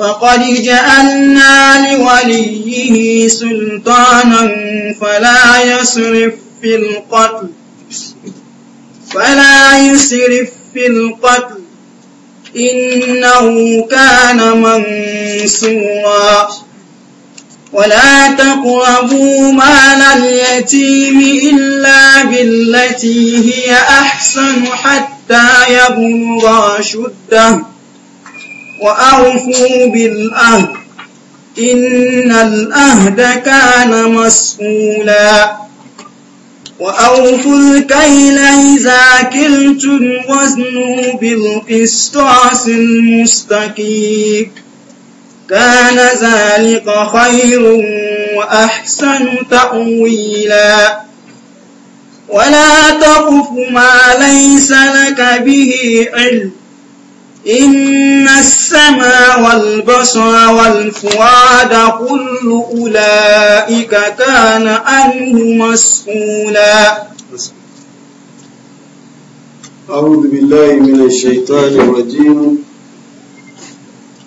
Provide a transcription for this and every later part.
فقد جعلنا لوليه سلطانا فلا يسرف في القتل فلا يسرف في القتل إنه كان منصورا ولا تقربوا مال اليتيم إلا بالتي هي أحسن حتى يبلغ شده وأوفوا بالأهد إن الأهد كان مسؤولا وأوفوا الكيل إذا كلتم وزنوا بالقسطاس المستقيم كان ذلك خير وأحسن تأويلا ولا تقف ما ليس لك به علم إن السماء والبصر والفؤاد كل أولئك كان عنه مسؤولا أعوذ بالله من الشيطان الرجيم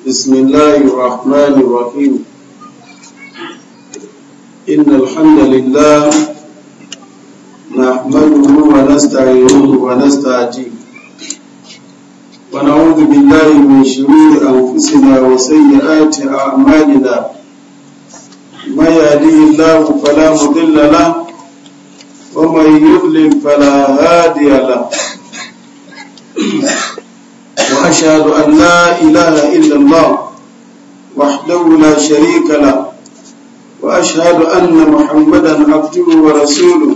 بسم الله الرحمن الرحيم إن الحمد لله نحمده ونستعينه ونستعجيه ونعوذ بالله من شرور أنفسنا وسيئات أعمالنا ما يهديه الله فلا مضل له ومن يضلل فلا هادي له وأشهد أن لا إله إلا الله وحده لا شريك له وأشهد أن محمدا عبده ورسوله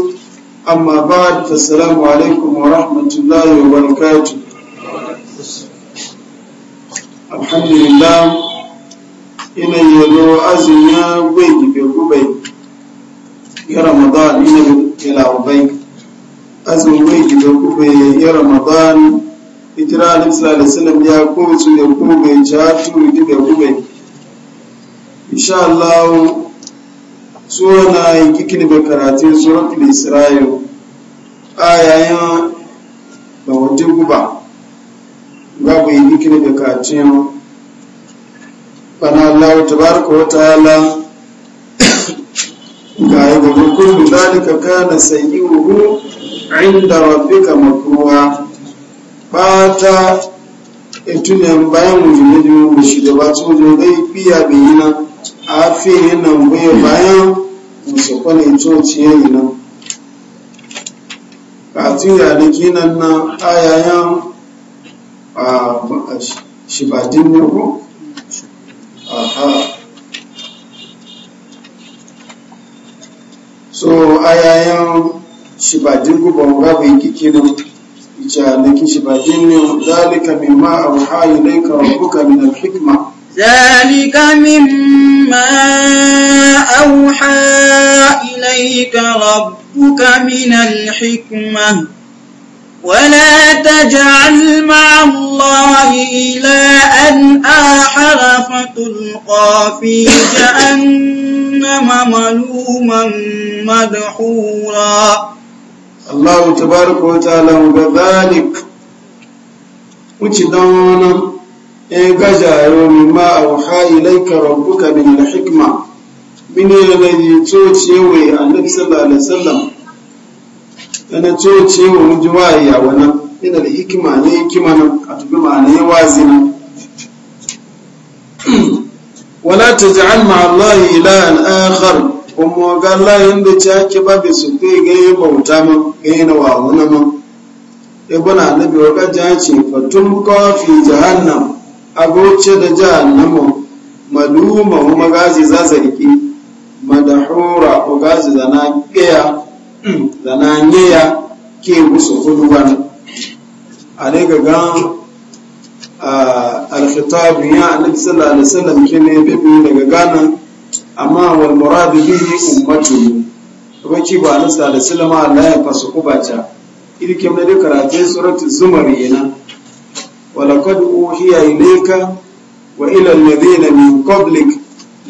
أما بعد فالسلام عليكم ورحمة الله وبركاته الحمد لله إن يلو أزنيا بيجي بيقوبي يا رمضان إن يلا وبي أزن بيجي بيقوبي يا رمضان إجراء النبي صلى الله عليه وسلم يا كوبي يا كوبي جاتو يجي بيقوبي إن شاء الله سورة نايكي كلمة كراتين سورة الإسرائيل ayayen da wadda guba ku yi bikin da kacin bana Allah tabaraka wa ta'ala ga yi gaba kullu zalika sayi sayyi'uhu inda rabbika ta bata etunen bayan da yi mushi da ba su da yi biya bayina a fiye nan bayan musu kwanai tociye yi nan ati ya da kinan na ayayan a shibadin nuku aha so ayayan shibadin gubon rabu kikinan ita da ki shibadin ne dalika mimma auha ilayka rubuka min al-hikma ذلك مما أوحى إليك ربك ربك من الحكمة ولا تجعل مع الله أن آخر فتلقى في جهنم ملوما مدحورا الله تبارك وتعالى وكذلك وتدون إن إيه يوم ما أوحى إليك ربك من الحكمة mini yanayi coci wai annabi sallallahu alaihi wasallam yana coci wa muji wayi a wannan yana da hikima ne hikima nan a tafi ma'ana ya wazi nan wala taj'al ma'a allahi ilahan akhar kuma ga Allah yanda ci ake ba bai su kai ga bauta ma ga na wawo na ma ibn e annabi wa ka ja ce fatun ka fi jahannam abuce da jahannam maluma kuma gazi za zargi madahura ogazi zana geya zana nyeya ke ko hudu wani a ne gagan alkhitabu ya annabi sallallahu alaihi wasallam ke ne bibi daga gana amma wal muradu bihi ummatu kuma ki ba annabi sallallahu alaihi wasallam Allah ya fasu kubaca idi ke mun da karatu suratul zumar yana wa laqad uhiya ilayka wa ila alladhina min qablik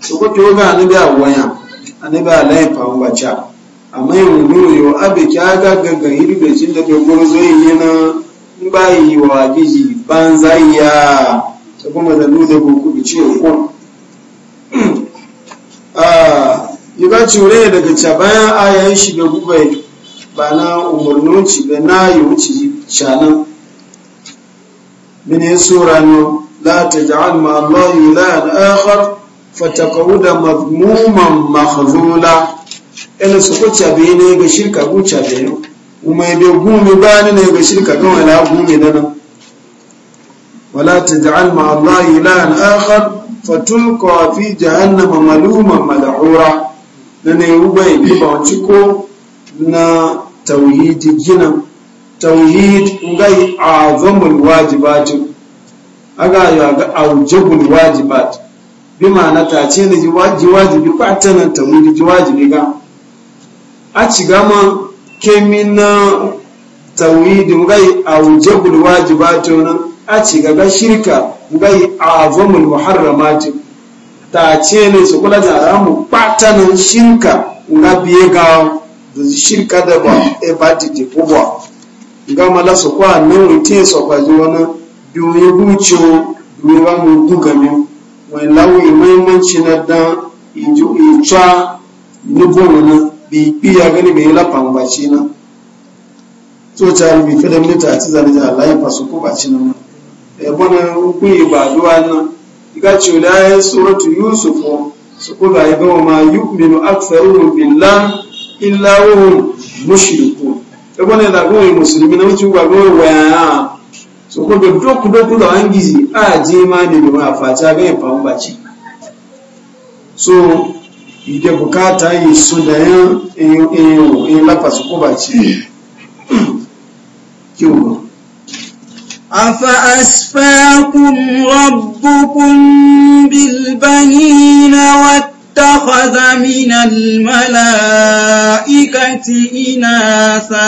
su ko to ga ni da waya ani ba lai fa ba cha amma yin mu yo abi kya ga ganga iri be jin da ke gurzo yi na in ba yi wa jiji ban ya to kuma da lu da ku bi ce ko ah ci ure daga cha ya ayan shi da gubai ba na umurnun ci da na yi wuce shanan mini sura no la ja'al ma Allah ilahan akhar fatakawuda mazmuman mahzula ina su ku cabe ne ga shirka ku cabe kuma gumi ba ne ne ga shirka kan wala gumi da nan wala taj'al ma Allah ilahan akhar fatulqa fi jahannam maluman mal'ura ne ubai bi ba ciko na tauhidi gina tauhid ngai azamul wajibat aga ya ga aujabul wajibat bi ma'ana ta ce na ji wajibi ko a nan ta ji wajibi ga a ci gama kemi na tawhidin gai a wujabul yi nan a ci gaba shirka gai a azamul muharramati ta ce ne su kula da haramu nan shirka na biye ga shirka da ba e ba ti ti kubwa gama mala su kwa nan wuce su kwa ji wani biyu ya buce biyu ba mu duka min wai lawi muhimmanci na dan ita nugun na bi iya gani bai lafa ba ci na so ta bi fada mita a tizani da Allah ya fasu ba ci na da eh, bona ku yi ba duwa na iga ci da ya suratu yusuf su ko ga ga ma yu'minu aktharuhum billah illa hum mushrikun da bona da goyi musulmi na wuce ba goyi waya su ko da doku doku da an gizi a je ma ne da ma faca ga yin fahimba ce so ide bukata yi so da yin eyo eyo lafa su ko ba ce kiwo afa asfakun rabbukun bilbanina wa tafaza minal mala'ikati inasa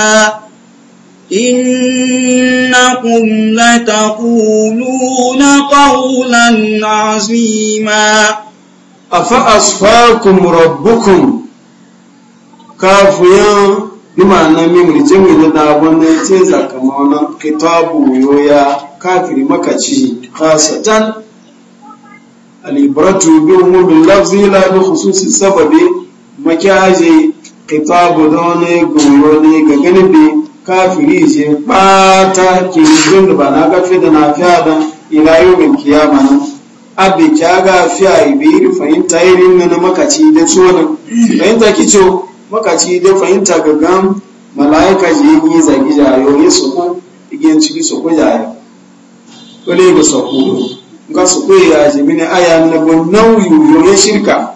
إنكم لتقولون قولا عظيما أفأصفاكم ربكم كافيا بما نمي جميل دابون تيزا كمانا كتاب ويويا كافر مكتشي خاصة الإبرة بهم اللفظ لا بخصوص السبب مكاجي كتاب دوني قولوني كغنبي kafiri ce ɓata ke yin da ba na gafi da na fiya da ila yau min kiyama nan abu kya ga fiya ibiri fahimta irin na makaci da tsohon fahimta kicho makaci da fahimta gaggan malaika ji yi zagi jayo ya soko igin ciki soko jayo Dole ga soko ga soko ya ji mini aya na bon nauyi yo ya shirka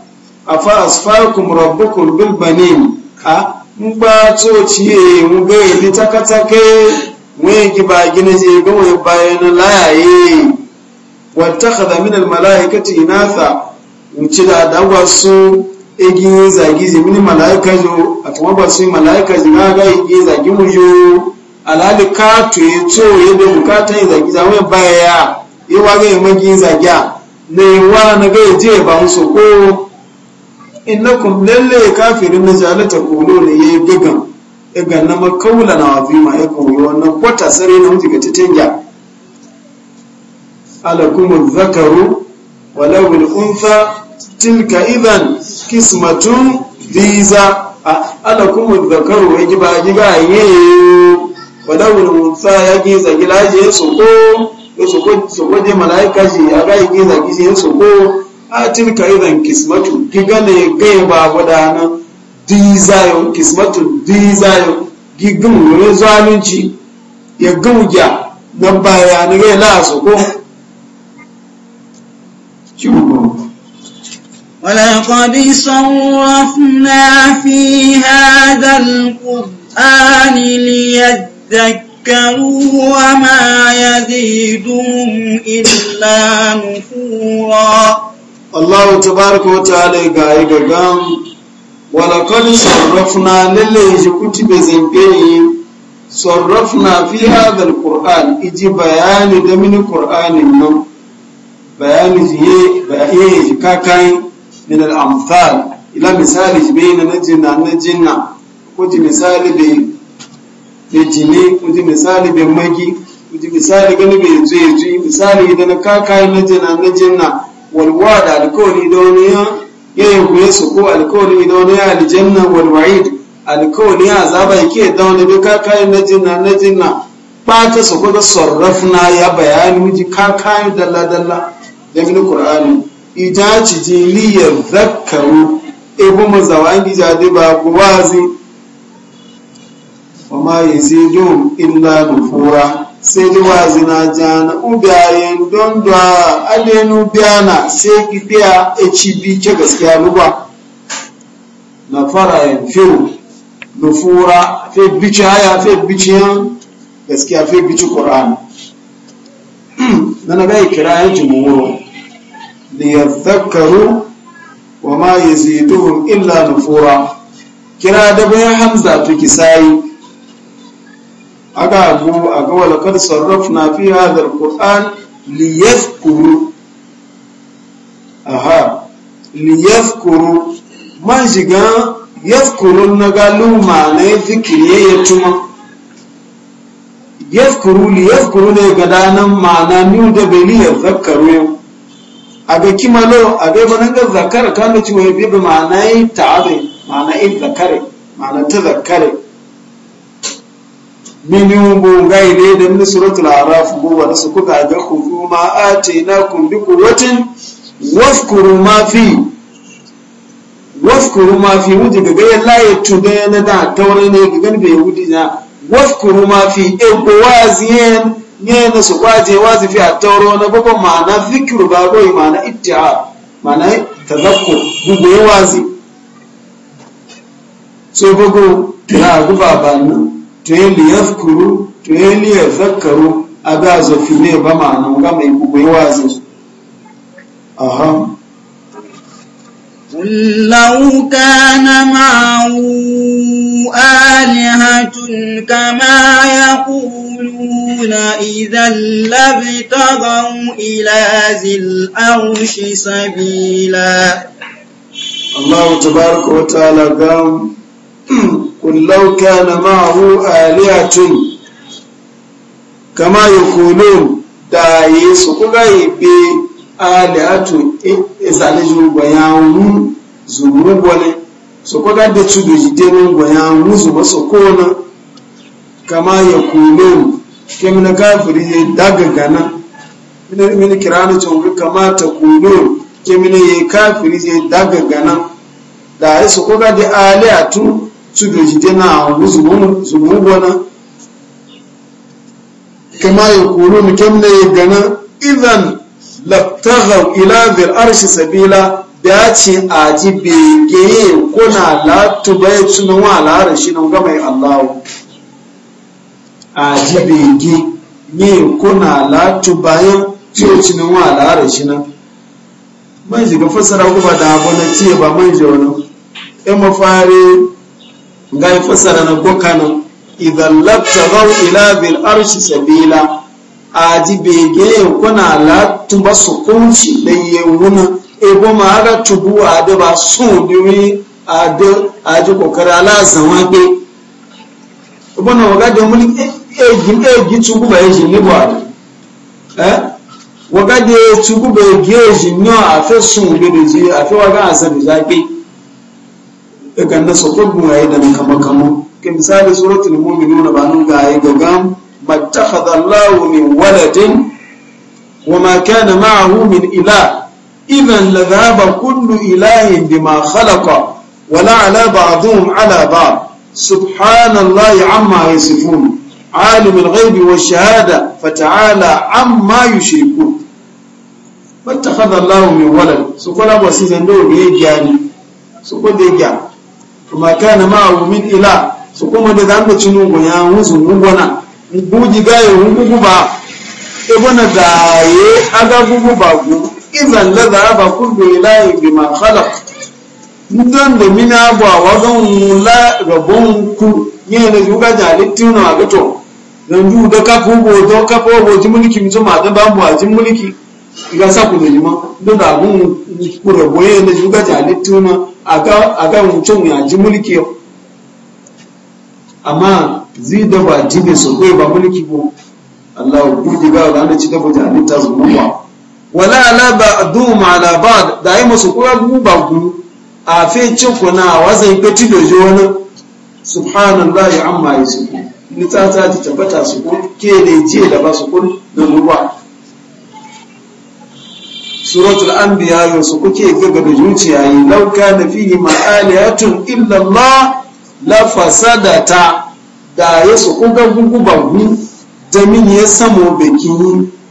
afa asfakum rabbukum bil banin ha? ngba to ciye mu ga yi takatake wai ki ba gina je ga wai bayan layaye wattakhadha min almalaikati inatha mchida dagwa su egi zagize mini malaika jo atwaba su malaika zinaga egi zagimu yo alali ka to yeto yebe bukata zagiza we baya iwage magi na yi wa na ga je ba musu ko innakum lalle kafirin na jalata kolo ne ya yi gagan igan na makaula na ma ya yi. wannan kwata sare na mutu ga titanya alakumu zakaru walawul unfa tilka idan kismatun visa alakumu zakaru ya giba giba yayi walawul unfa ya giza gilaje su ya su ya su je malaika shi ya ga giza giza ya ko a ka idan kismatu gigale gai ba gudana dizayo kismatu dizayo gigin wani zalunci ya gauja na bayanin gai su ko ولقد صرفنا في هذا القرآن ليذكروا وما يزيدهم إلا نفورا Allah tabaraka wa ta'ala ga yi gagan walakad sarrafna lalle ji kutube zambeyi sarrafna fi hadha alquran iji bayani da mini qur'anin nan bayani ji bayani ji kakai min al-amthal ila misali ji bayna najinna najinna ko ji misali be ji misali be magi ko ji misali gani be zuye zuye misali idan kakai najinna najinna walwada alkawari duniya yin kuye su ko alkawari duniya aljanna walwa'id alkawari za ba yake da wani bi ka na jinna na jinna ba su ko da sarrafna ya bayani miji ka kai dalla dalla da bin qur'ani ita ci jiliyar zakkaru ibu mazawan gija da ba kuwazi amma yazidu illa nufura sai ja na jana ubiyayen don da alenu biyana sai ki biya hb ce gaskiya ruba na fara yin na nufura fe bici haya fe bici yan gaskiya fe bici ƙoran na na bai kira yin jimuru da ya zakaru wa ma ya zidun illa nufura kira da bayan hamza to ki sayi aga go aga wala kad sarrafna fi hadha alquran liyadhkuru aha liyadhkuru man shiga yadhkuru na galu ma'ana zikiri ya tuma yadhkuru li yadhkuru ne ga danan ma'ana ni da bai li yadhkuru abe kimalo abe banan ga zakara kan da ciwo bi ma'ana ta'abe ma'ana in zakare ma'ana ta zakare minun gungai ne da min suratul araf gowa da su kuka ga khudhu ma atainakum bi quwwatin wafkuru ma fi wafkuru ma fi wuji ga ga laye tude na da taure ne ga gan bai wudi na wafkuru ma fi e go waziyen ne na su kwaje wazi fi a tauro na baba ma'ana zikru ba goyi ma'ana ittiha ma'ana tazakkur gugu wazi so gogo ya guba ba nan to yi liyafkuru to yi liyafakkaru a ga zafi ne ba ma'ana ga mai kukwai wazi aha قل لو كان معه آلهة كما يقولون إذا لابتغوا إلى ذي الأرش سبيلا الله تبارك وتعالى قام قل لو كان معه آلهة كما يقولون دا يسو قلعي بي آلهة إزالي جو بيانو زمو so ko ga da tudu ji te mun go yan musu ba so ko na kama ya kulo ke mun ga furi ye daga gana ina mini kirani to ga kama ta daga gana da ai so da ali su suke shi tana zumubona kama ya kuru mutum ne ya gana idan laftagau ila zir arshi sabila da ce a ji bege kuna latu bai tunan wa lara shi nan gamai allahu a ji bege ne kuna latu bayan ciwo tunan wa lara shi nan man shiga fassara kuma da abu na ce ba man ji wani in mafari ngai fasara na kokano idan labtagaw ila bil arshi sabila aji bege kuna la tuba sukunci da wuna ebo ma aga tubu ade ba sun diwi ade aji kokara ala zanwa gbe ebo na waga de muni eji e eji tubu ba eji ni bo ade eh waga de tubu ba eji eji no afe sun bi de ji afe waga azabi za gbe daga na sokol buwaye da kama kama ke misali suratul mu'minuna ba nun ga ayi gaga mattakhadha Allahu min waladin wa ma kana ma'ahu min ilah idan la dhaba kullu ilahin bima khalaqa wa la ala ba'dhum ala ba'd subhanallahi amma yasifun عالم الغيب والشهادة فتعالى عما يشركون فاتخذ الله من ولد سقول أبو سيزن دور يجاني سقول ديجاني ma kana ma'ahu min ila su kuma da zan da cinu ya musu gugona guji gaye gugu ba e bona da ye aga gugu ba gu idan la da ba bi ilahi bima khalaq ndan da mina ba wa gan la rabon ku ne ne juga jalitin na ga to dan du da ka ku bo do ka bo bo ji mulki mi ma da ba mu ji mulki ga sa ku ne ma da da gun ku rabo ne juga jalitin na a ga mutum ya ji mulki amma zai dafa jibin su kai ba mulki ba. Allah ji ga da ana ci dafa jami'ta su kuma wala ala ba'du ma ala ba'd da ai musu kuwa gu ba ku? a fe ci kuna wazan ka ti dojo wani subhanallahi amma yasu ni ta ta tabbata su ko ke ne je da ba su kun da ruwa suratul anbiya yansu kuke gaga da zuciya yi lauka na fihi ma'aliyatun illallah la fasadata da ya su kuga gugubagu da jamin ya samo biki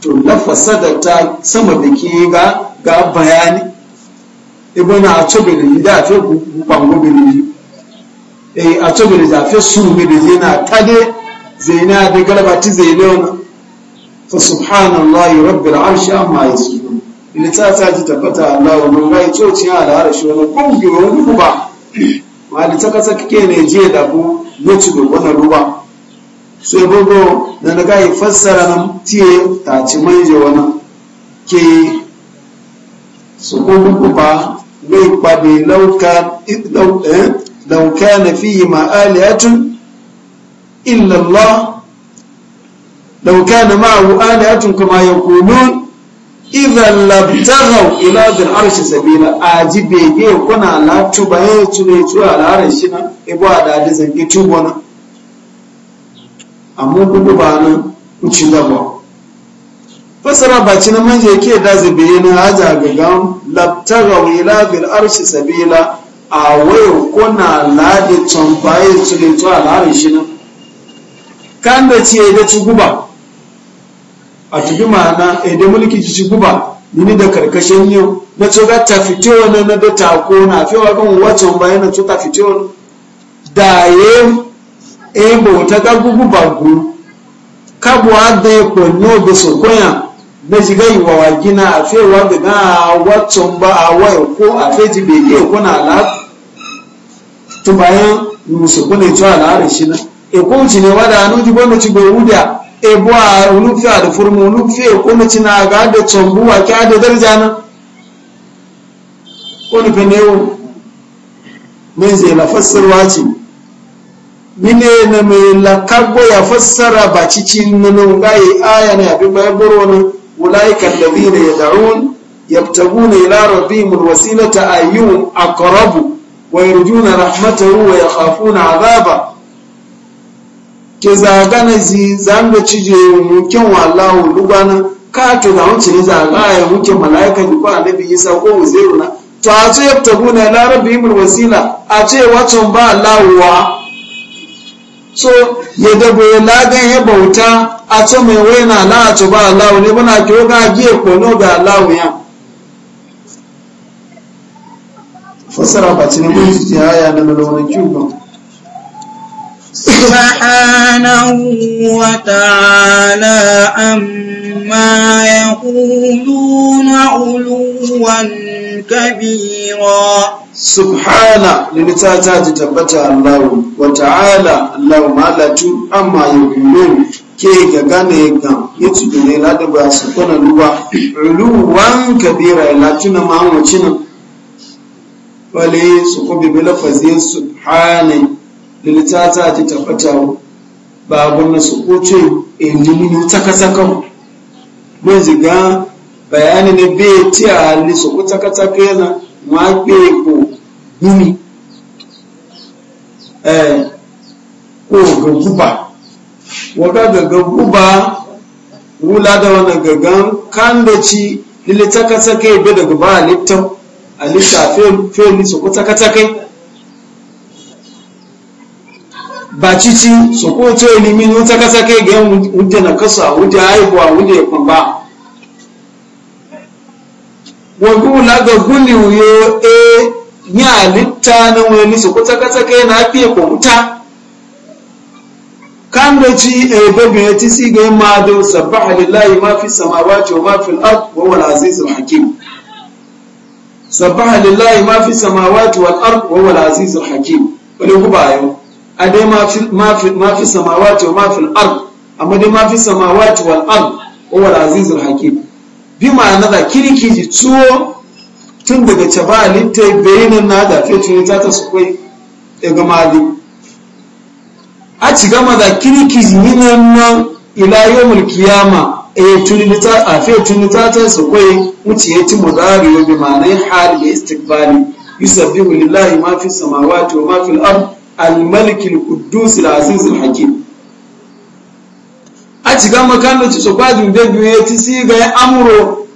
to la fasadata sama biki ga ga bayani ibana a tobe da da fe gubango be ni eh a tobe da fe su be da yana tade zaina da galabati zaina fa subhanallahi rabbil arshi amma yasifun ili ta ji tabbata Allah mun rai ito ci da harashi wani kungi wa ba ma da ta kasa kike ne je da ku ne ci da wani ruwa sai gogo da na ga fassara nan tiye ta ci manje wani ke su kuma kuma zai kwabe eh, lauka na fiye ma'aliyatun illallah lauka na ma'ahu aliyatun kuma ya kulun idan labtaghaw ila dhil arshi sabila ajibe ge kuna latu ba ye tune tuwa ala arshi na ibo ada da zanki tuba na amma gudu ba nan in ci gaba fasara baci na manje ke da zabe na haja ga gam labtaghaw ila dhil arshi sabila a wayo kuna lade tun ba ye tune tuwa ala arshi na kan da ce da ci guba a tubi ma'ana idan eh, mulki ci guba ni da karkashin yau na to ga ta fito wani na da ko na fewa kan watan bayan na to ta fito wani da ye e bauta ga gugu bagu kabu adda ya kwanyo da sokoya na shiga yi wa wagina a fewa da na watan ba a waya ko a feji bai iya kuna ala to bayan musu kuna ito ala harin shi na e ko ci ne wada anu ji gwamnati bai wuda ebuwa a da furmu nufiya kuma cina ga da tsambuwa kya da darja na. ko nufin ne yau min zai la fassarwa ce mine na mai lakago ya fassara ba cikin nanin gaye aya na yafi bayan buru wani wulaikar da biyu da ya da'un larabi ila rabbihim alwasilata a karabu wa yarjuna ya kafu na azaba. ke zaga na zi zanga cije mukin wallahu lugana ka to da wuce ne zaga ya mukin malaika ko annabi Isa ko uzairu na to a ce yabtaguna ila rabbihim wasila a ce waton ba Allah wa so ya dabo lagan ya bauta a mai na a to ba Allah ne muna ga ko no ga Allah ya fasara ba ci ne ji aya na سبحانه وتعالى عما يقولون علوا كبيرا subhana limita ta ji tabbata Allahu wa ta'ala Allahu malatu amma yuqulun ke ga gane ga yace da ne lada ba su kana ruwa uluwan kabira la tuna ma cin lilitata ji tabbata ba gwamna su koce elimini takatakan mai ziga bayani ne bai ti a halin su ko takataka yana ma gbe ko gumi eh ko gaguba waga gaguba wula da wani gagan kan da ci lilitaka sakai bai daga ba a lifta a lifta fe ni su ko ba cici su ko ce ilimi ne ta kasa kai ga wuje na kasa wuje haihuwa wuje kwamba wagu na ga guli wuyo e ni alitta na wani su ko e ta kasa kai na fiye kwamta kando ci e babu ya ci e si ga ma do sabbaha lillahi ma fi samawati wa ma fi al-ard wa huwa al-azizul hakim sabbaha lillahi ma fi samawati al ard wa huwa al-azizul hakim wani ku ba yau a dai ma samawati wa ma fi al'ard amma dai mafi samawati wa ard wa wal azizul hakim bi ma'ana da kirki ji tuwo tun daga cabalin ta bayanin na da fetin ta ta su kai daga mali a ci gama da kirki ji yinan nan ila yawmul qiyama e eh, tunita a ta ta su kai wuce ti mudari bi ma'ana hal bi istiqbali yusabbihu lillahi ma fi samawati wa ma fi al-malik al-quddus al-aziz al-hakim a cikin makanda ci so kwajin da biyu ya ci si ga amuro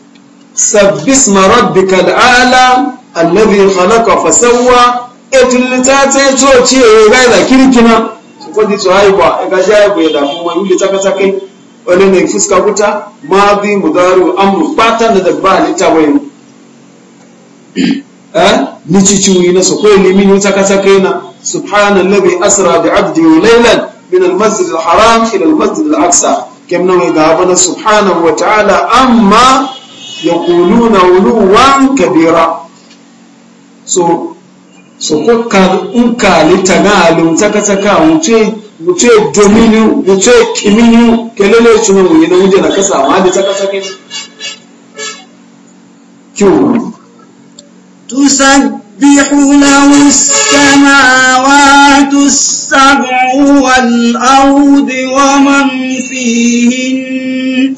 sabbis ma rabbika al-ala alladhi khalaqa fa sawwa etun litate to ci e ga da kirkina so kwaji so haiba e ga jaya bu da kuma yuli taka take wani ne fuska kuta madi mudaru amru pata da dabba litawayin eh ni ci ci wi na so ko ni min taka take na سبحان الذي أسرى بعبده ليلا من المسجد الحرام إلى المسجد الأقصى كم نوي ذهبنا سبحانه وتعالى أما يقولون علوا كبيرا so so ko ka un ka le tana alu taka taka muce muce dominu muce kiminu kelele chuno mu na muje na kasa ma da taka taka kiwo tusabbihuna was السماوات السبع والأرض ومن فيهن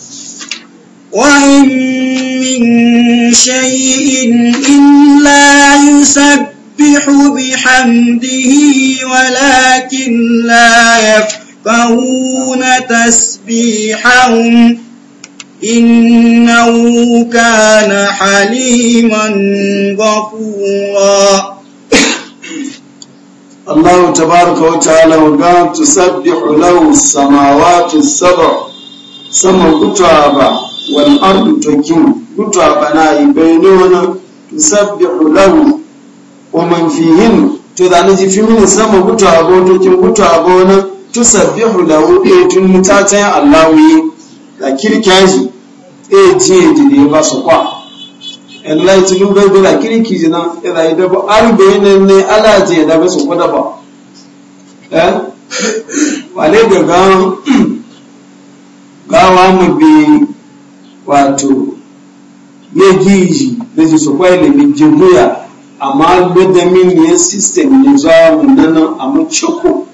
وإن من شيء إلا يسبح بحمده ولكن لا يفقهون تسبيحهم إنه كان حليما غفورا الله تبارك وتعالى وقال تسبح له السماوات السبع سما قطابا والأرض تكيم قطابا ناي بينونا تسبح له ومن فيهن تذاني جي في من سما قطابا تكيم قطابا تسبح له إيتن متاتين الله لكن كاجي إيتي دي باسقوا Allah ci lu bai da kirki jina ila yi dabo arbe ne ne ala je da ba su kwada ba eh wale ga ga gawa mu bi wato ye giji da ji su kwai ne bi jimuya amma da da min ne system ne za mu nan amma choko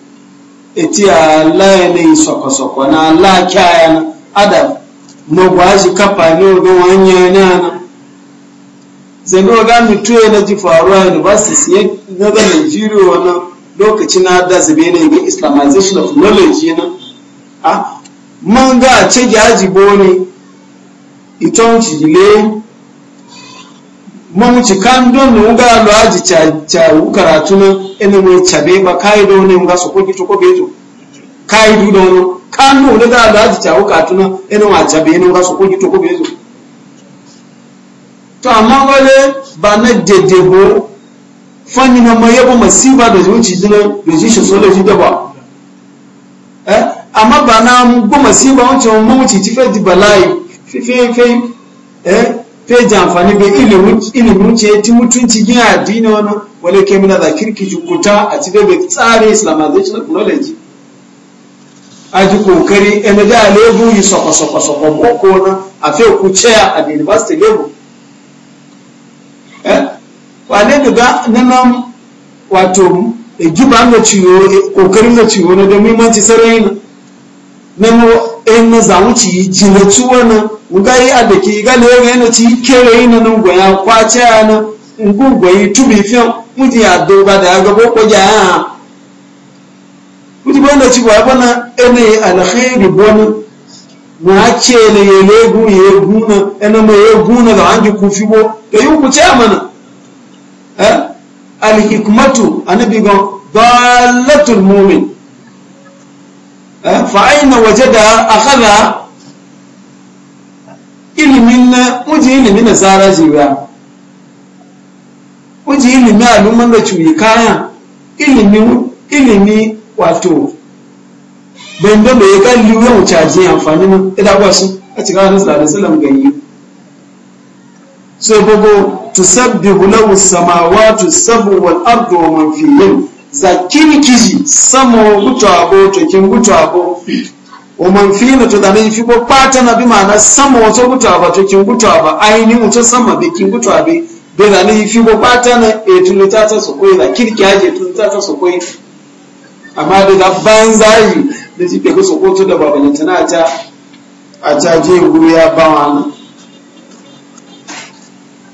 eti ala ne soko soko na ala kya ya adam mo ba shi kafa ne ga wanya ne ana zendo ga mituwe na ji faruwa universities ya gaza nigeria wani lokaci na da zube ne ga islamization of knowledge na a man ga ce gyaji bone iton cigile man ci kan don ne ga lo aji ca karatu na ina mai cabe ba kai don ne ga su koki to ko beto kai du don kan don ne ga lo karatu na ina ma cabe ne ga su koki to ko beto to amma wale ba na dedebo fanni na ma yabo masiba da zuci dina da shi so da shi da ba eh amma ba na go masiba wancan mun wuce ti fe di balai fe fe fe eh fe ji amfani bai ilimin ilimin ce ti mutunci gin addini wani wale ke muna da kirki jukuta a ci bai tsare islamization knowledge a ji kokari ene da lebu yi sokwa sokwa sokwa boko na a fe ku chair at the university level Eh? wane daga nanan wato giba na ciwo kokarin na ciwo na da muhimmanci sarai na namo ɗayan eh, na zamu ci jinatu wani wugayi a da ke gane yau yana ci kere yi na nan gwaya kwace a nan ngun gwayi tubi fiyan mutu ya doba da ya gabo kwaja ya mutu ba na ci ba bana ɗanayi alkhairi bonin mwache na yelegu yeguna ena mayeguna da anji kufibo da yi ku ce mana eh al hikmatu anabi gon dalatul mu'min eh fa aina wajada akhadha ilimin na uji ilimin na tsara jiwa uji ilimin al'umman da cuyi kaya ilimi ilimi wato bai da bai ga yau caji ya amfani ma ida ba su a cikin hannun sallallahu alaihi wasallam ganyi sai gogo tusabbihu lahu samawati sabu wal ardu wa man fihin yin zakin kiji samu gutu abu to kin gutu abo wa man fihin to da nan fi ko pata na bi mana samu wato gutu abu to kin gutu abo aini mutu sama bi kin gutu abu bai da nan fi ko pata na etulita eh, ta sokoi za kirki aje etulita ta sokoi amma da ban zai da ci ke kusa kotu da babanin tana ta a ta je guru ya ba wani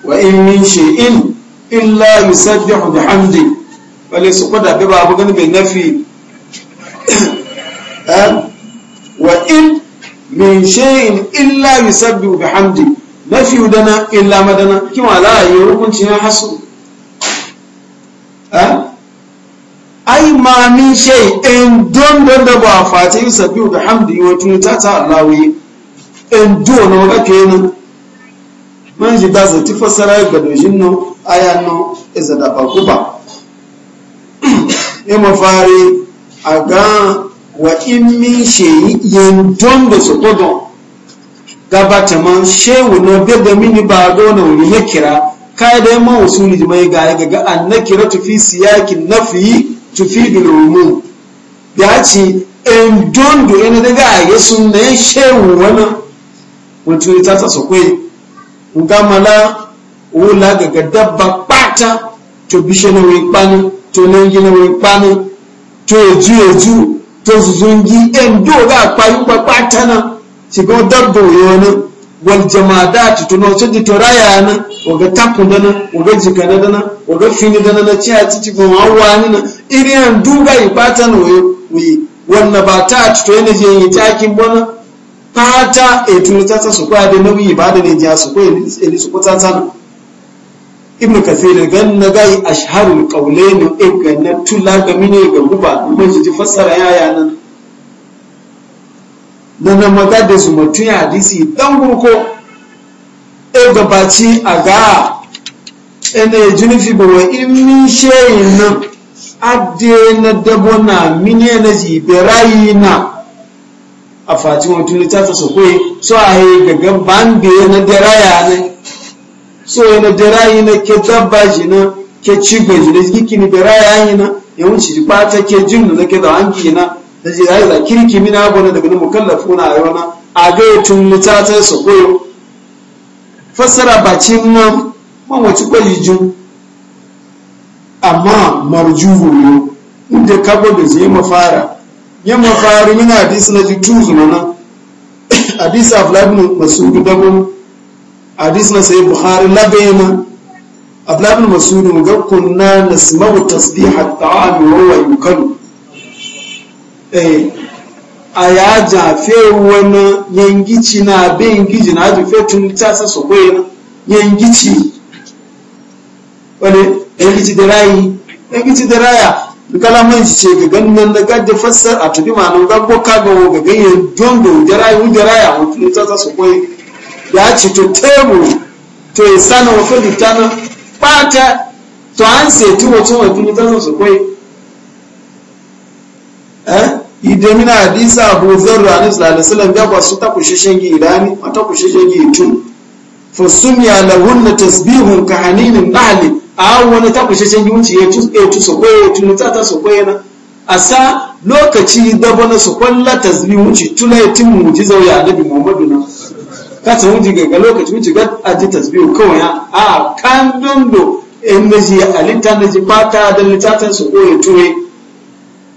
wa in min shay'in illa yusabbihu bihamdi wale su kwada bi babu gani bai nafi eh? wa in min shay'in illa yusabbihu bihamdi nafi dana illa madana kima la yi na hasu ai ma min shay in don don da ba fati yusabbihu bihamdi wa tuta ta allawi in do no ga kenan man ji da zati fasara ga dojin no aya iza da ba kuba e a aga wa in min shay in don da su kodon gabata man shewu na bebe mini ba wuri ya kira kai dai wasu mai ga ga annakiratu fi siyakin nafi tufidul umum ya ce in dondo yana daga a yesu na ya shewu wani wato ya tata su kwe gamala wula daga dabba pata to bishe na wai kpani to nangi na wai kpani to eju eju to zuzungi in do ga kpayi kpa pata na shiga dabba wani wal jamadat tuno tsuji toraya na? waga tapu dana waga jikana dana waga fini dana na ciya cici ko hawani nan iriyan duga ibata no wi wal nabatat to yana je yi takin bona pata e tunu tata su kwa de nabi ibada ne ja su ko ni su ko tata na ibn kathir gan na gai ashharul qawlain e na tulaga mine ga guba mun ji fassara ya nan da na maga da su mutum ya hadisi dan gurko e gabaci a ga ene ya ji nufi ba wa ilmin shayin nan adde na dabo na miniya na jibirayi na a faci mutum littafi su kwe so a yi gaga bambe na deraya ne so na derayi na ke dabba shi na ke ci gwaji na jikini deraya yi na ya ji ke jin na ke da hangi na da ji zai za kirki mina gona daga mukallafu na ayona a ga tun mutata su koyo fassara bacin nan man wace kwayi ju amma marjuhu ne inda kabo da zai mafara ya mafari yana hadisi na ji na. zunana hadisi abulabin masudu dabo hadisi na sai buhari labema abulabin masudu ga kunna na simawu tasbihat ta'ami wa yukalu Eh, a ya jafe wani yangici na bin giji na jafe tun ta sa kwaye na yangici wani yangici da rayi yangici da raya kalaman ce ga ganin da gajin fassar a tudi ma nan gaggo ka ga ga ganyen dondo da rayi wuda raya mutum ta sa kwaye ya ci to tebu to ya sanin wato ditana bata to an sai tuwa tun wato ta sa kwaye idemina hadisa abu zarru anis lalisalam ya kwasu ta kusheshen gi irani a ta kusheshen gi tun fasumiya na tasbihun ka haninin nahali a wani ta kusheshen gi wuce ya tu su kwaye tun ta ta su kwaye na a sa lokaci daba na su kwalla tasbih wuce tula ya muji zau ya nabi muhammadu na ka san wuce ga lokaci wuce ga aji tasbih kawai a kan dundu in naji alita ji fata da litatan so kwaye tuwe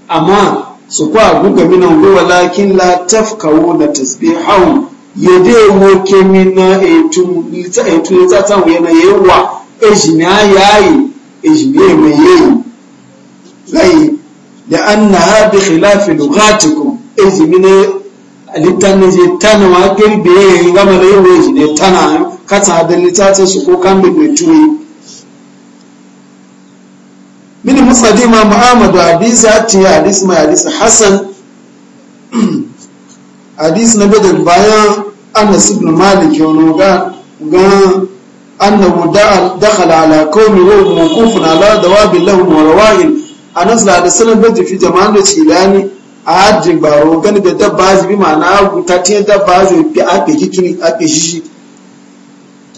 amma su kwa guga minan ruwa lakin la tafkawo na tasbihau ya dai woke mina etu etu ta ta wuya na yewa ejimi ayayi ejimi mai yayi lai da ha bi khilafi lughatikum ejimi ne alitan ne je tana wa yi gama da yawa ejimi tana kata da litata su ko kan mai tuyi muhammad imam muhammadu hadisi ati hadisi mai hadisi hassan hadisi na bada bayan anas ibn malik yano ga ga annahu dakhala ala qaumi wa mawqufun ala dawabi lahum wa rawahin anas la da sanan da fi jama'an da cilani a hajjin baro gani da dabba zai bi ma'ana gutatiyar dabba zai fi a fi kituni a fi shi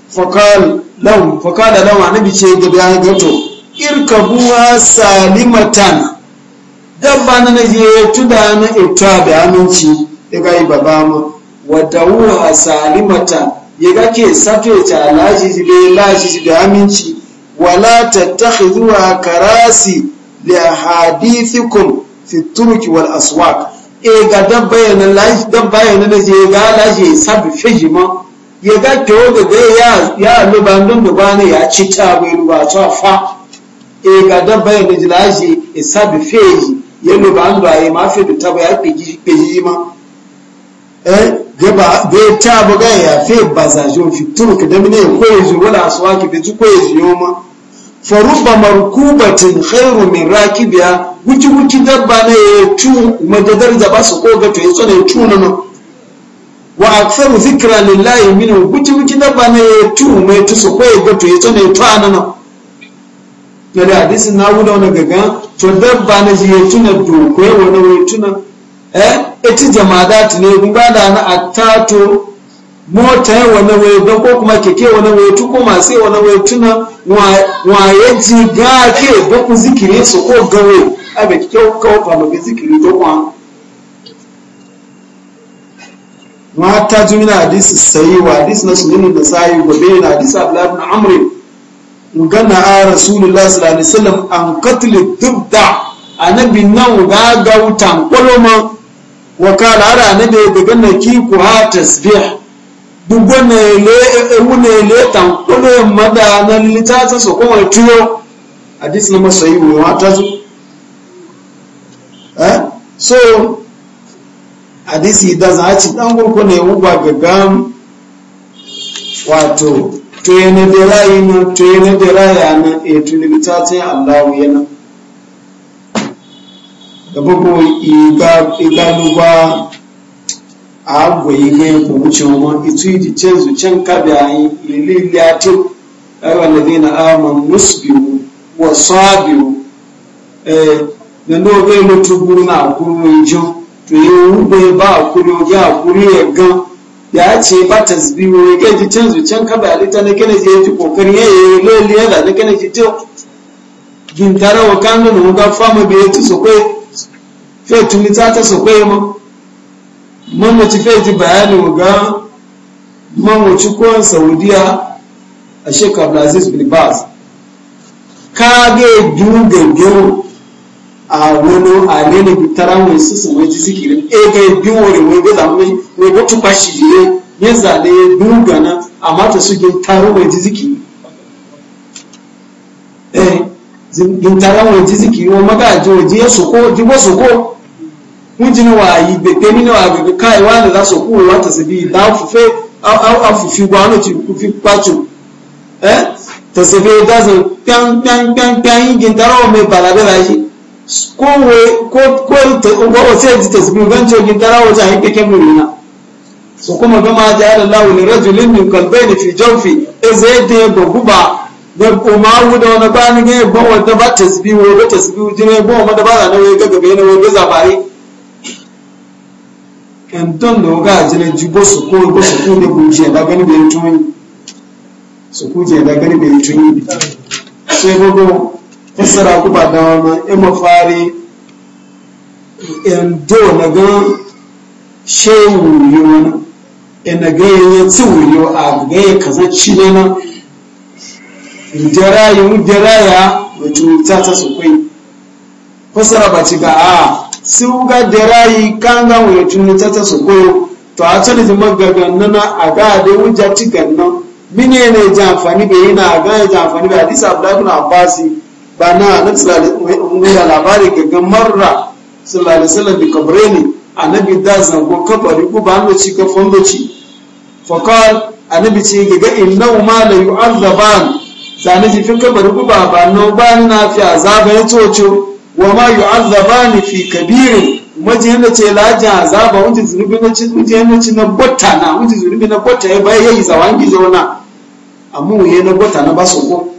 fokal da fakal lahum annabi ce ga bayan gato irkabuwa salimatan dabba na je tuda na ita da aminci ya ga baba mu wata wuha salimatan ya ga ke safe ta laji da laji da aminci wala tattakhidhuha karasi li hadithikum fi turki wal aswaq e ga dabba ya na laji dabba ya na je ga laji sabe fijima ya ga to ga ya ya lubandun bana ya ci ta bai ruba ta fa e ga dabba ya da jilashi e sabi feji yalo ba an baye ma fe da taba ya pegi pegi ma eh de ba de taba ga ya fe bazajo fitur ka da mine ko yaji wala aswaki be ko yaji yoma faruba markubatin khairu min rakibiya wuci wuci dabba ne ya tu madadar da ba su koga to ya tsone tu na wa aktharu zikra lillahi min wuci wuci dabba ne ya tu mai tu su koga to ya tsone na. no na da hadisi na guda wani gaga to dabba na ji ya tuna dokoye wani wai tuna eh eti jama'a ta ne kuma da na atato mota ya wani wai don ko kuma keke wani wai tuko ko masu yi wani wai tuna waye ji ga ke ba ku zikiri su ko gawe a ba kike kawo fama ga zikiri don wa mata jumina hadisi sayi wa hadisi na sunanin da sayi gobe na hadisi abu labin Amurin. ngana a rasulullah sallallahu alaihi wasallam an katli dubda anabi nan ga ga wutan koloma wa kala ara da daga na ki ku ha tasbih dubbo ne le eh, wune le tan kolo mada na litata so kuma tuyo hadis na masayi wa ta su eh so hadisi da za a ci dan gurko ne uba gagam wato to yana da rayi na to yana da na iga iga agwa ihe ko wuce ma itu yi ce zucen ayi lili liyatu ayyuhal ladina amanu musbiru wa sabiru eh da no be lutubu na kuru ijo to yi ba ya ya ya ce ba ta biyu ke gaji can zuciyan ka ba alita na kene je ji kokari ya yi lele ya da kene ji to gin tare wa kanu na ga fama be tu so kwe fe tu ta ta so kwe mo mun mu ci fe ji bayani ga mun mu ci ko saudiya a shekaru aziz bin baz ka ga du gangaro a wani a nene susu wani ji zikirin e ga yi bin wani wani gaza wani wani wata kwashi jiye ya zane ya dungana su gin taro eh gin ji ji ji mun ji wa yi bebe ni wa bebe kai wani za su wa wata su bi da fufe afufi gwanu ci kufi kwacho eh ta da zan gin taro wani balabela shi kowa sai ji tasbih gan ce gin tara wajen haikakken murina su kuma gama ji ala lawo ne rajulin min kalbaini fi jawfi iza yadda ya guba da umaru da wani bani ne ba wanda ba tasbih wa ba tasbih jine ba wanda ba na nawa ga gaba yana wani zabari kanton da ga jine ji bo su ko bo su ko da guje da gani bai tuni su kuje da gani bai tuni sai gogo fasara ku ba da wani ima fari in do na ga shehu yiwu na ina ga yi ci wuyo a ga yi kaza cile na dara yi mu dara ya wato ta ta su kwai fasara ba ci ga a sun ga dara yi kan ga wato ta ta su kwai to a can da magaga na a ga da wuja ci gannan mine ne ji amfani bai yana a ga ya ji amfani bai hadisa abdullahi bin abbasi ba na nan sallallahu alaihi wasallam labari gaga marra sallallahu da wasallam bi A annabi da zango kabari ko ba mu ci ka fondoci fa qal annabi ce gaga innahu ma la yu'azzaban zani ji fin kabari ko ba ba no ba na fi azaba ya tocho wa ma yu'azzaban fi kabirin majiyar da ce laji azaba wanda zunubi na cin mujiyar da cin na botta na wanda zunubi na botta ya bai yayi zawangi na amma wuye na botta na ba su ko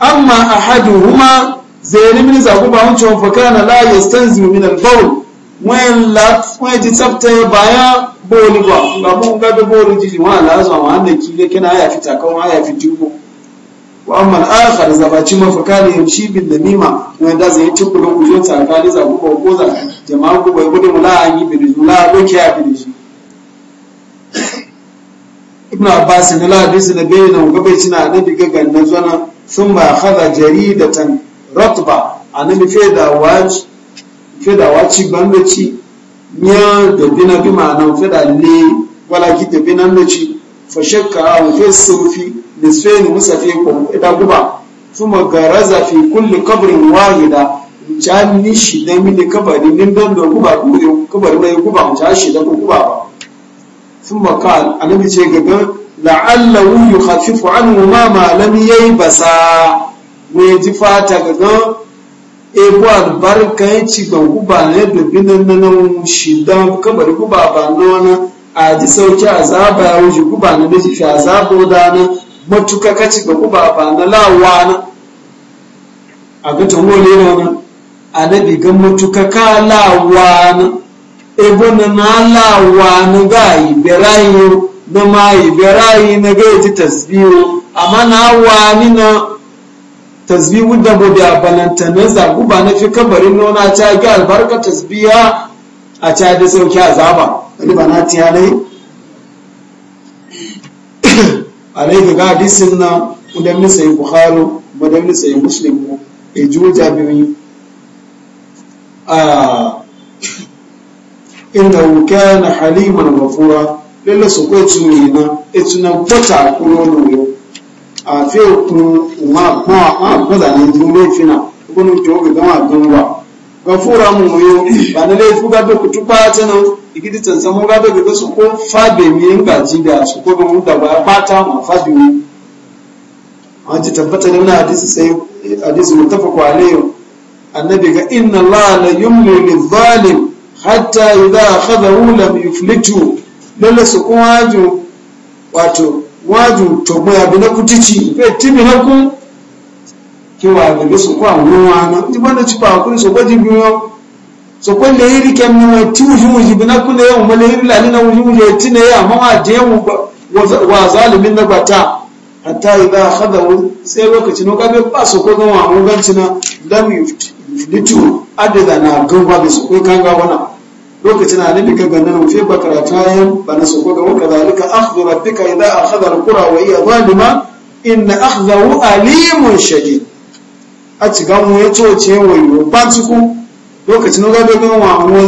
amma a ahaduhuma zaini min zagu ba wancan fa kana la ya san al-bawl wayan la wayan ji tsafta ya baya boli ba ga mun ga da boli ji wa la zo ma da ne kana ya fita kan ya fiti ko wa amma al-akhar zabaci ma fa kana yamshi bil namima wayan da zai ci kulun kujo tsakani zagu ko ko za jama'a ku bai gudu la an yi bil zula ko kiya bil shi ibn abbas ne la hadisi da bayyana ga bai cina annabi ga gannan zuwa sun ma kada jaridatan rotba a nan fedawa ci bangaci ya dabi na bi ma'anan feda le walaki dabi nan da ci fashakka a mafi sufi da sfeni musafi ko ida guba sun ma garaza fi kulli da mini kabari nin don da guba kabari mai guba da guba ba ce gaga la'allahu yukhaffifu anhu ma malam yayi basa me ji fata gaga ebo albarka ya ci ga guba ne da binan na nan shi don kabar guba ba nona a ji sauki azaba ya wuce guba ne da shi azabo da na matuka ka ci ga guba ba na lawa na a ga tamo ne nona a na ga matuka ka lawa na ebo na na lawa na ga ibrahim na mayi berayi na gaji tasbihu amma na wani na tasbihu da bude a balantane zagu ba na fi kabarin nuna ta ga albarka tasbiya a ta da sauki azaba wani ba na tiya ne alai ga hadisin na mudan nisa yi Buhari, mudan nisa yi muslimu e juja biyu a inda na haliman mafura lele soko tu yina etuna bota kulo luyo afi okun uma pon ama bota ni dule fina ko nu jo be gama dunwa gafura mu yo banale be mu gabe be soko fabe mi nga jida soko be mu da ba pata ma fabe mi an ci tabbata da wani hadisi sai hadisi mutafaqu alayhi annabi ga inna allaha hatta idha akhadahu lam lalle su kun waju wato waju to mu abu na kutici fe tibi na kun ki wa bi su kwa ruwa na ti bana ci ba kun so gwaji biyo so kun le yiri kem mu wa ti wuji wuji ne kun le yau mala yiri na wuji wuji ti ne ya ma wa je mu wa zalimin na bata hatta idza akhadahu sai lokacin ka bai ba su ko gan wa mun ganci na yufti yuflitu adada na gan ba su ko kan ga wannan lokacin annabi ga ganin fi bakaratayen bana su ko ga wa kadalika akhdhu rabbika idha akhadha alqura wa hiya zalima in akhdahu alimun shadid a ci ga mu yato ce wayo ba ci ku lokacin ga ga gan wa mu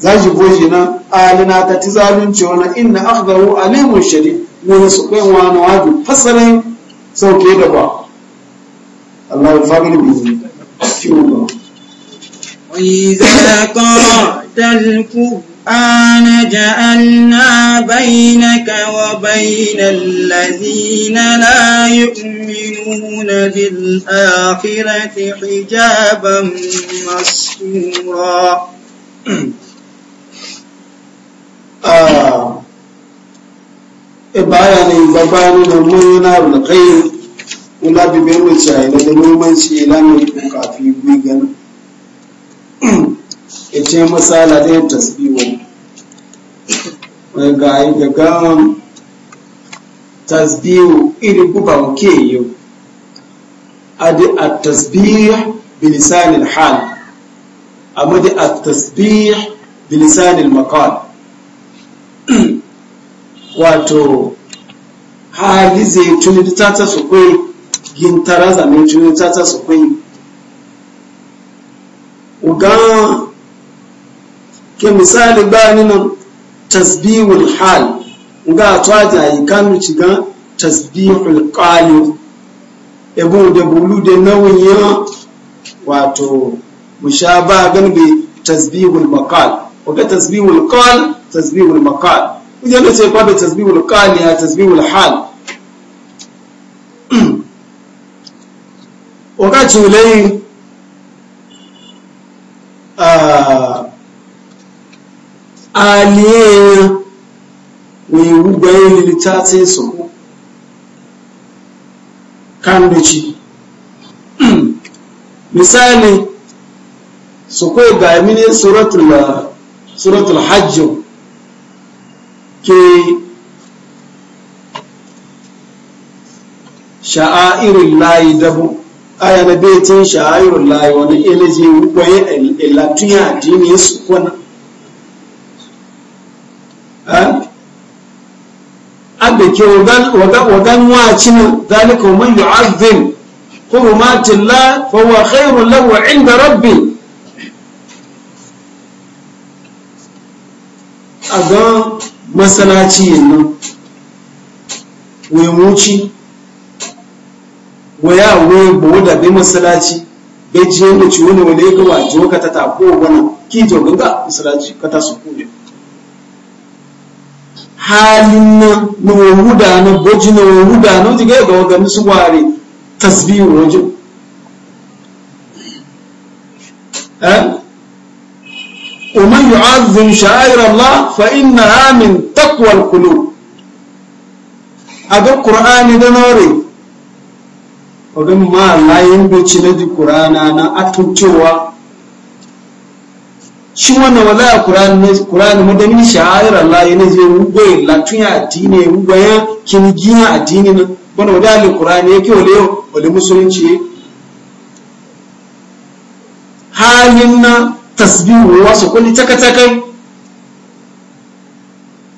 zaji boje na alina ta ti zalunci wa in akhdahu alimun shadid mu su ko wa na wabi fasarin sauke da ba Allah ya fagini bi ki وإذا قرأت القرآن جعلنا بينك وبين الذين لا يؤمنون بالآخرة حجابا مستورا ibaya ne gabani da mun yana da kai wula bibin wuce da muhimmanci ilamin kafi gwigan ita misala da yin tasbihu ga yi gaga tasbihu iri guba ke yau di a tasbih bilisanin hal A madi a tasbih bilisanin makon wato hali zai tuni ta ta su kwai gintara zanen tuni ta ta su kwai ugan ke misali bani nan tasbihul hal uga twaja yi kanu ciga tasbihul qalu ebo da bulu da nawin ya wato mushaba gan bi tasbihul maqal uga tasbihul qal tasbihul maqal uje ne sai kwabe tasbihul qal ya tasbihul hal wakati ulayi aliyeyan mai wugayen littafin su kan da misali su kai ga mini suratul ah, hajjin ke sha'airin layi dabu aya na betin sha'ayurun layi wani ilaji kwaye ilatunya addini su kwana da ke wagan na zalika man yu'azzim hurumatin la fawa khairun lawa inda rabbi a ga masanaci yin nan wuyan wuci waya we boda da be masalaci be je mu ci wani wani ga wa ji waka ta ta ko wani ki to ganga masalaci ka ta su kuje halin na na wahuda na boji na huda na diga ga ga musu ware tasbihu wajo eh ومن يعظم شعائر الله فإنها من تقوى القلوب أقول القرآن ده نوري wadon ma layin doci na di kurana na atun cewa shi wannan wala ya kurani madamin shahararra Allah ya nazi rugbe latun ya addini ya rugbe ya kinigin ya addini na bana wadda ali kurani ya ke wale wale musulunci halin na tasbihu wasu kulli takatakai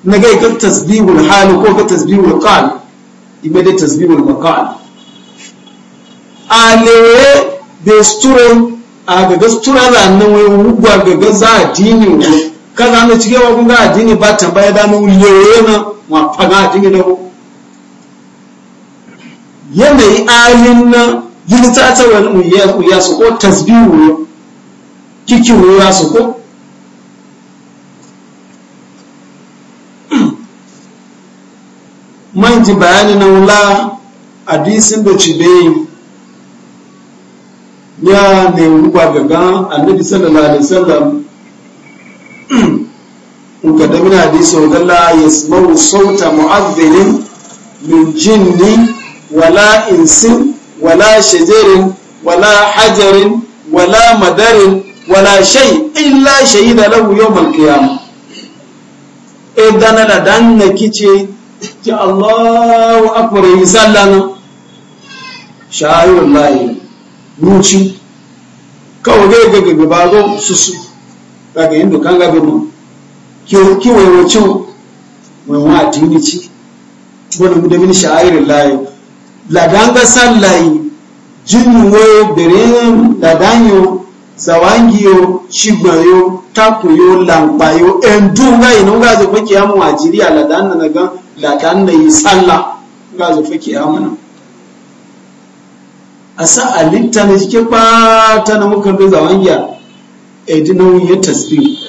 na gai ga tasbihul hali ko ga tasbihul qal ibe da tasbihul maqal a lewe da suturan a gaga sutura da nan wai rugwa gaga za a dini wani kaza cike wa kun ga addini ba tambaya da mu lewe na ma faga addini da mu yi ayin na yin ta ta wani uya su ko tasbihu ne kiki ya su ko man ji bayani na wula hadisin da cibe ya ne ruwa gaga annabi sallallahu alaihi wasallam ka da mina hadisi wa dalla yasma'u sauta mu'adhdhin min jinni wala insin wala shajarin wala hajarin wala madarin wala shay illa shahida lahu yawm al-qiyamah idan e da danna kice ki Allahu akbar yi sallana sha'ayullahi nuci kawai ga ga gaba ba zo su daga yin dukan ga gudu ki waiwaci mai wa addini ci wani mu da min sha'irin layo ladanga sallayi jinnuwo berin ladanyo zawangiyo shigbayo takuyo lambayo endunga ino nga zo fake yamu wajiri a ladan na gan ladan na yi sallah nga zo fake yamu nan asa alita na jike ta na muka bi wangiya a, yi nauyin ya tasbi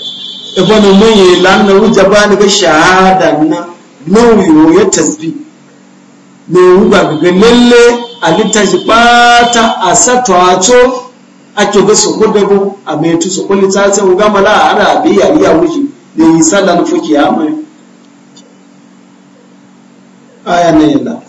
e mun yi lanna ba ni ga shahada na nauyi ya tasbi ne wuga ga lalle alitta ji a asa to ake bi su bu a mai tu su kulli ta ce wuga mala a ara bi ya iya ne yi sallan fuki ya mai aya yana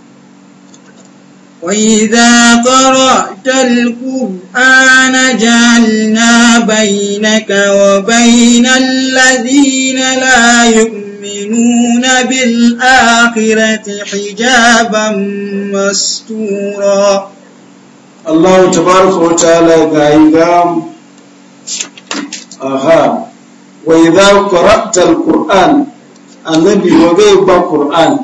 وإذا قرأت القرآن جعلنا بينك وبين الذين لا يؤمنون بالآخرة حجابا مستورا الله تبارك وتعالى قائدام أها وإذا قرأت القرآن النبي وغيب القرآن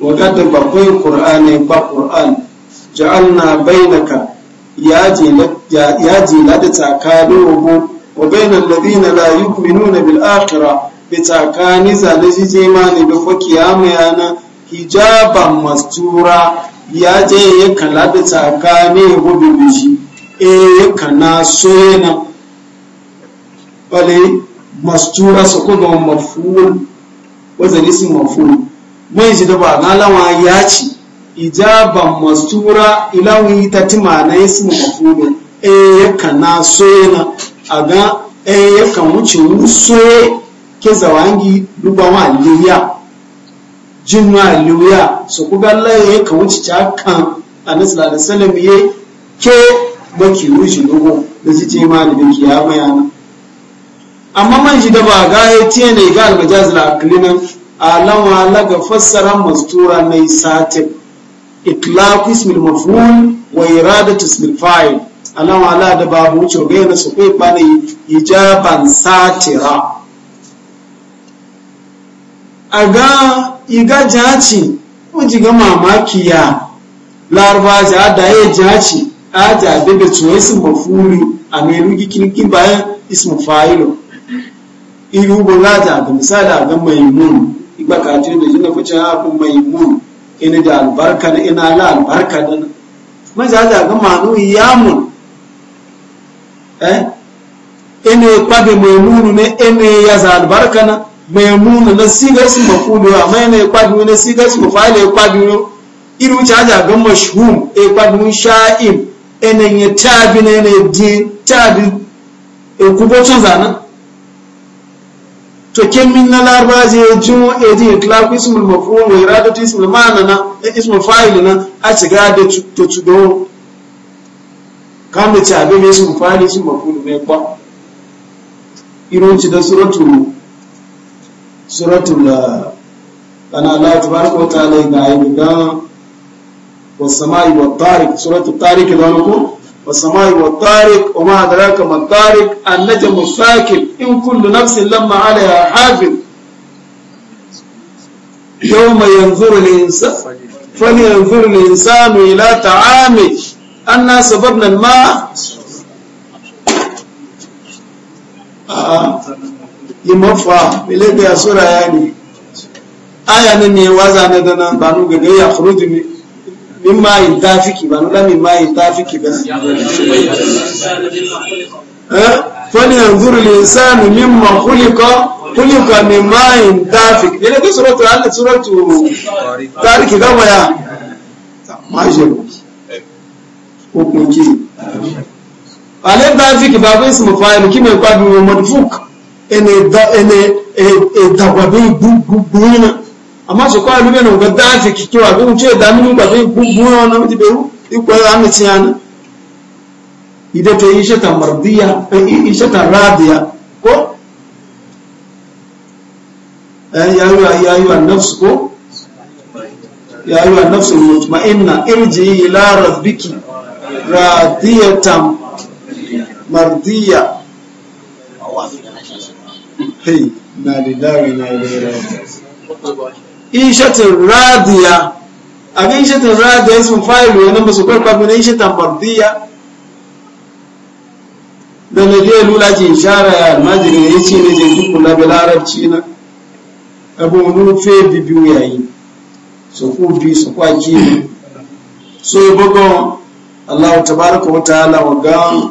wagada bakwai qur'ani ba qur'an ja'alna bainaka yaji na da tsakanin rubu wa bainan ladina la yu'minuna bil akhirah bi tsakani zane jije ma ne bi fa kiyama yana hijaban mastura ya je ya kala da tsakani rubu bi shi e ya kana so yana bale mastura su kuma maful wazan isin maful mai shi na lawa ya ci ijaban mastura ilawun ta tima na yi su mafudu e yakan na soye na a ga e yakan wuce soye ke zawangi duba ma liya jin ma liya su kuga laye yakan wuce ta kan anas lalata salam ya ke baki wuce dogo da su ce ma da ya bayana amma man shi da ba ga ya tiye ga la aklinan alawa ga fassara mastura na satin itlaq ism maful wa iradat ism fail alawa da babu wuce ga yana su kai bane ijaban satira aga iga jaci uji ga mamaki ya larba ja da ya jaci aja bebe tsoye ism maf'ul a mai rugi kinkin bayan ism fa'ilu iru bulaja ga misali ga maimun igba katun ne jina kuce haku maimun ina da albarka na ina la albarka na maza da ga manu yamun eh ina kwabe maimunu ne ina ya za albarka na maimunu na siga su mafulu mai ne kwa ne siga su mafala kwabe ne irin caja ga mashhum e eh, kwabe sha'im ina ya tabi ne ne din tabi e eh, kubocin zanan to min na larba zai ji eji itlaq ismul maf'ul wa iradatu ismul ma'na na eh, ismul fa'il na a shiga da to tudo kan da ci abin ismul fa'il ismul maf'ul mai kwa irin ci da suratu suratul kana eh, Allah tabaraka wa ta'ala ga ayi ga samai wa tariq suratu tariq da wani ko والسماء والطارق وما أدراك ما الطارق النجم الثاكب إن كل نفس لما عليها حافظ يوم ينظر الإنسان فلينظر الإنسان إلى طعامه أنا صبرنا الماء limafa ile da sura yani aya ne ne waza ne da nan banu ga ya khuruji mimma yudafiki ba nuna mimma yudafiki ba fani yanzuru linsanu mimma khuliqa khuliqa mimma yudafik ne da suratu al suratu tariki gama ya majin hukunci ale dafik ba ko ismu fa'il kime kwa bi madfuk ene da ene e dagwabe amma su kwa lube na gadda ake kikiwa ko mutu ya dami nun bazai gungun wani mutu beru ikwa ya hannu ci yana idan ta yi shatan mardiya yi eh, shatan radiya ko eh, ya yi wa nafsu ko ya yi wa nafsu ina irji ila rabbiki radiyatan mardiya hey na lillahi na ilaihi raji'un inshatin radiya a ga inshatin radiya sun lura na musu kwarfa mai inshatin bardiya da na biya lula ke shara ya almajiri ya ce ne jirgin kula labi larabci na wani rufe bibiyu yayi su ku bi su kwaki ne so yi bugun allahu tabaraka wa ta'ala wa ga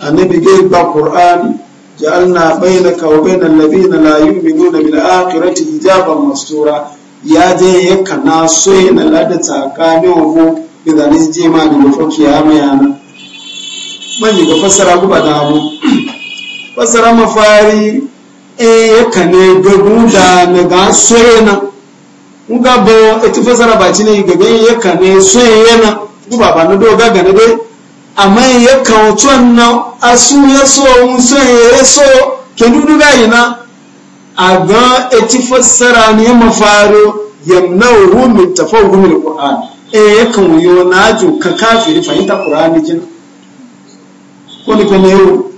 annabi ga ba qur'ani جعلنا بينك وبين الذين لا يؤمنون بالآخرة حجابا مستورا يا جي يكا ناسوين لدى تاكاني ومو إذا نزجي ما نفوك يا ميانا من يقول فسر أبو بدابو فسر مفاري إيه يكا نجبودا نغا سوين nga bo eti fasara ba ci ne gabe yakan ne amma ya kawato na asu ya so musu ya so ke dudu gayi na a ga eti fassara ne mafaro yamnahu min tafawwum alquran e ya wuyo na ajo ka kafiri fahimta qur'ani jin ko ni ko ne yau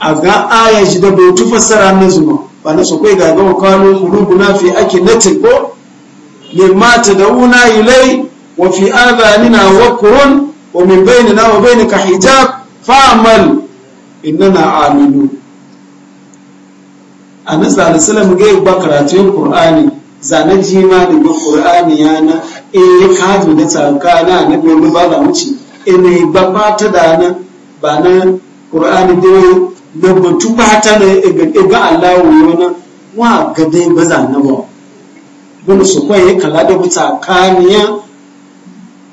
a ga aya shi da bai fassara na zuma ba na so kai ga ga kwano na fi akinatin ko mimma tad'una ilai wa fi adhanina waqrun ومن بيننا وبينك حجاب فاعمل إننا عاملون annabi sallallahu alaihi wasallam ga ba karatun qur'ani zane jima da ga qur'ani yana in ya kazo da tsakana annabi wani ba da wuce in ba fata da na? ba na nan da dai na batu fata ne ga Allah wani wa ga dai ba na ba bunu su kwaye kala da wuta tsakaniya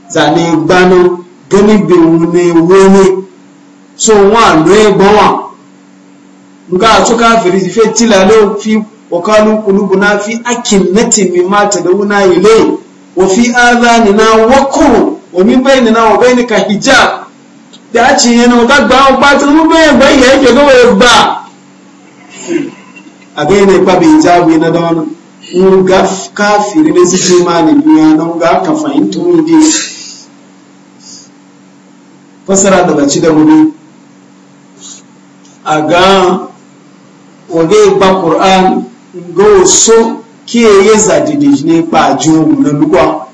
zane gbanu gani bewu ne wani so wọn àlọ́ ẹgbọ́n wà nga àtúkà fèrèsì fẹ́ fi ọ̀kálù kùlùbù náà fi akìnnẹ́tì mi máa tẹ̀lé wọn náà ilé wọ́n fi wakuru omi bẹ́ẹ̀ nìna wa bai ni ka hijab bí a ti yẹn náà gbàgbà bai tó ń bẹ́ẹ̀ gbà yẹ ba ló wẹ̀ gbà. àbẹ́yẹn náà ipa bẹ̀yìn jáwé iná dáwọn nga káfìrí ní sísè máa nìyí náà nga kàfàyìn tó ń dé. fasara da baci da wuri a ga wage ba ƙur'an ga wasu ke yi zaɗi da ne ba jiwo na lukwa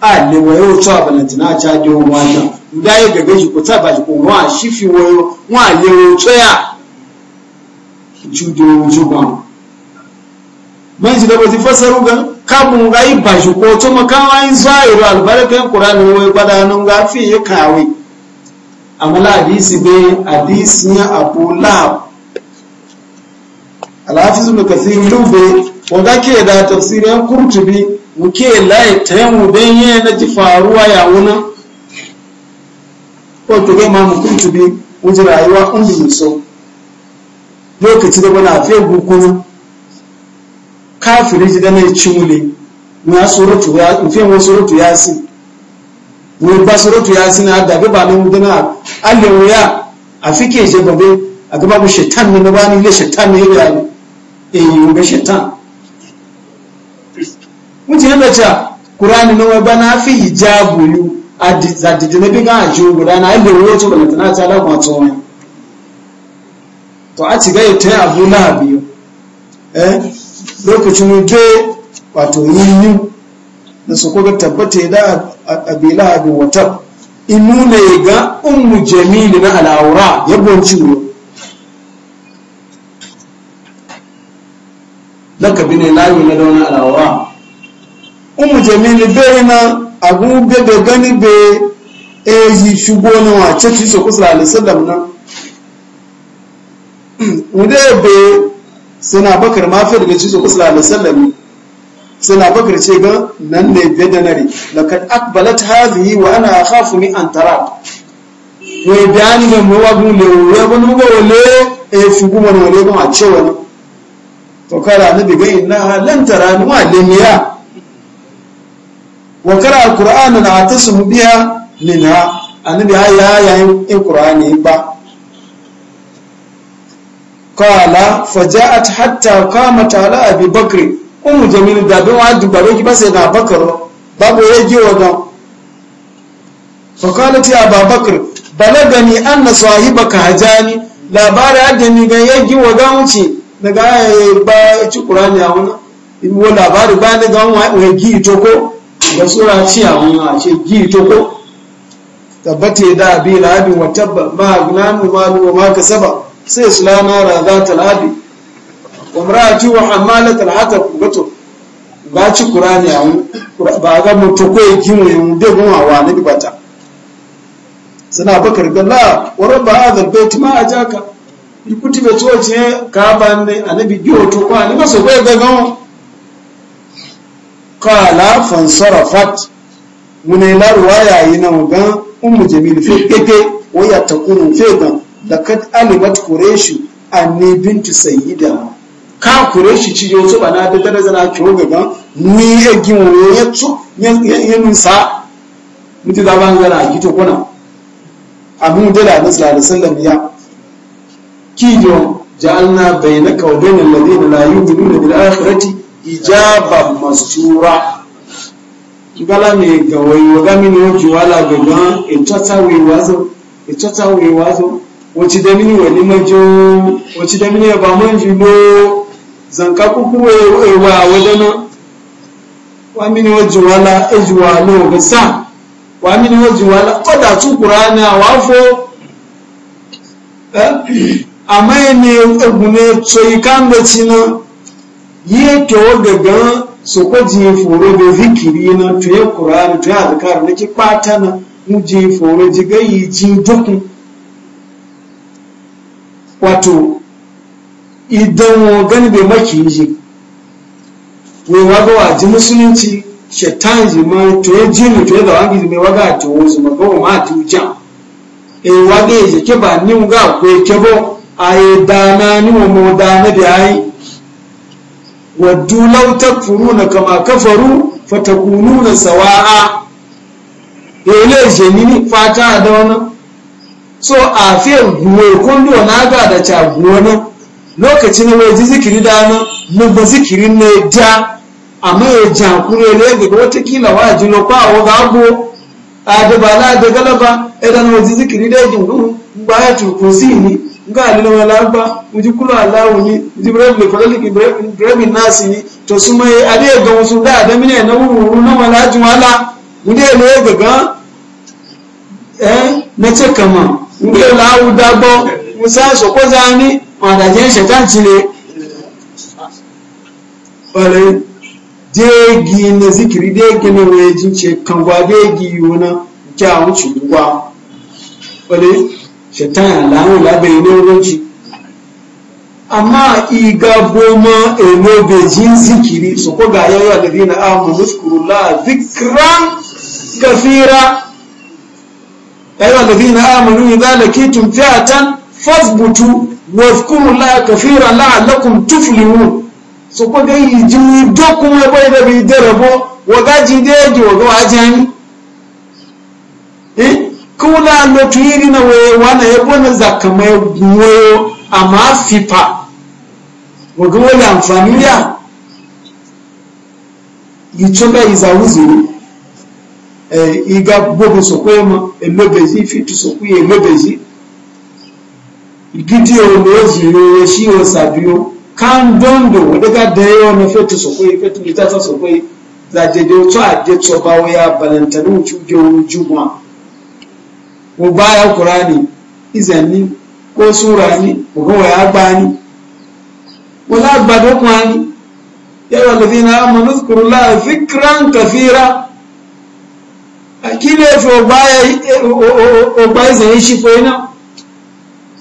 a lewa yau cewa balantina ta jiwo wata da ya gaga shi ko ta ba shi ko wa shi fi wayo wa lewa tsoya jude wuju ba man shi da ba ti fasaru ga kabun ga yi ba shi ko to makawa yin zuwa iru albarkan ƙur'an wai gwada nan ga fi ya kawai amala hadisi be hadisi ya abu lab alhafiz ibn kathir lube wanda ke da tafsirin kurtubi muke laye ta mu dan yi na ji faruwa ya wuna ko to ga mamu kurtubi wuji rayuwa kun bi so lokaci da bana fe gukuna kafiri ji da mai cimule na suratu ya in fe mu suratu yasin wai ba rotu ya sina da ga na nan gana allewa ya a fike je babe a gaba mu shaitan ne na bani le shaitan ne ya e yi ga shaitan mutum yana cewa kurani na wai bana fi hijabu yu a zadidi na biga a jiwo guda na allewa ya ce balanta na ta lagwa tsohon to a ci gaya ta yi abu na biyu eh lokacin wuce wato yin yin da su koga tabbata da abila abin in nuna ya ga ummu jamili na al'aura ya bonci wuyo bi ne layu na dauna al'aura ummu jamili bai na abu da gani bai e eji shugo na wace ci su kusa alisallam na wuda bai suna bakar mafi daga ci su kusa alisallam suna bakar ce ga nan ne biye da nare lakad akbalat hadhihi wa ana akhafu ni an tara we biyan da mu wa gun le we gun mu ga wale e fi kuma wale kuma a ce wani to kara na biga inna lan tara ni ma limiya wa kara alqur'ana na atasumu biya minha annabi ya yayin alqur'ani ba قال فجاءت حتى kama tala أبي bakri. umu jamil dabi wa du baro ki base na bakaro babu ya ji wadan fa qalat ya ababakar balagani anna sahibaka hajani labara eh, yadda ni ga ya ji wadan wuce daga ba ci ƙurani a wuna. ibi wo labari ba ni ga wa gi itoko ga sura ci a wuna a ce gi itoko tabbata da abi labi wa tabba ma gnamu malu wa ma saba sai sulana ra ta labi wa wa hamalat alhatab hatab ba ci qur'ani awun ba ga mutu ko gimu yun de gun awa ne bata sana bakar galla wa rabba hadha albayt ma ajaka ikuti be to je ka ban ne annabi biyo to ko ani maso ko ga gawo qala fansarafat munela ruwaya yi na gan ummu jamil fi wa ya takunu fi da kat alimat quraish anni bint sayyida ka kure shi ci yau su bana da daraja zana ki gaban ga ni ya gin ya tsu ya nun mutu da ban zana ki to kona abu da da nabi sallallahu ya ki jo ja'alna bainaka wa bainal ladina la yu'minuna bil akhirati ijaban mastura kibala ne ga wayo ga mini wuce wala ga ga itata e wazo itata e wazo wace da mini wani majo wace da mini ba manji mo zanka kuku ewa wadana wamini waji wala eji wala ga sa wamini waji wala koda tu qur'ani awafo amma ne egune tsoyi kan da cina yi ke wa gaga su ko ji foro da zikiri na tuye qur'ani tuye azkar na ki pata na mu ji foro ji gayi ji dukun wato idan gani bai maki yi. mai waga wa ji musulunci shaitan ji ma to ya ji mu to ya zawa gizi mai waga a wuzu ma gawa ma ta wuce e waga ya ji ke ba ni mu ga akwai ke bo a yi dana ni mu mu dana da ya yi waddu lauta furu na kama kafaru kunu na sawa'a ya e yi ni ni fata da wani. so a fiye guwe kundu na ga da ca guwe lokaci na mai ji zikiri da nan mu ba zikirin ne ja amma ya ne ga watakila wa ji lo a da da galaba idan wa ji zikiri da jin gudu ba ya tuku zini ga alina wala ba mu kula Allahu ni ji fadalik nasi to su mai ade ga wasu da na wuru na wala ne ga ga eh na ce kama lawu zani ọ̀dàjẹ́ shata lè ọ̀rẹ́ déègì ní zikiri déègì ní wọ́n èjì ṣe kàngbà déègì yìí wọ́n jẹ́ àwọn ṣùgbọ́n ọ̀rẹ́ ṣẹ̀tàǹtì láwọn lábẹ́ ilé olóòjì amma iga goma eno bejin zikiri su ko ga yawa da dina amu muskuru la zikran kafira yawa da dina amu nuni zalakitum fi'atan واذكروا الله كثيرا لعلكم تفلحون soko dai yi jini dokun ya bai da bai da rabo waga ji da ji waga wajen eh kula lo tuiri na waye wana ya bona zakka mai goyo amma fifa waga wani amfani ya yi tsoga izawuzuru eh iga bobo soko ya ma emebeji fitu soko ya emebeji gidi omo ziro shi sabiyo kan dondo wadda da yawa na fetu so kwai fetu gita ta za je da a je to ba waya juma ko baya qur'ani ko sura ni ko waya bani wala kun ani ya shi ina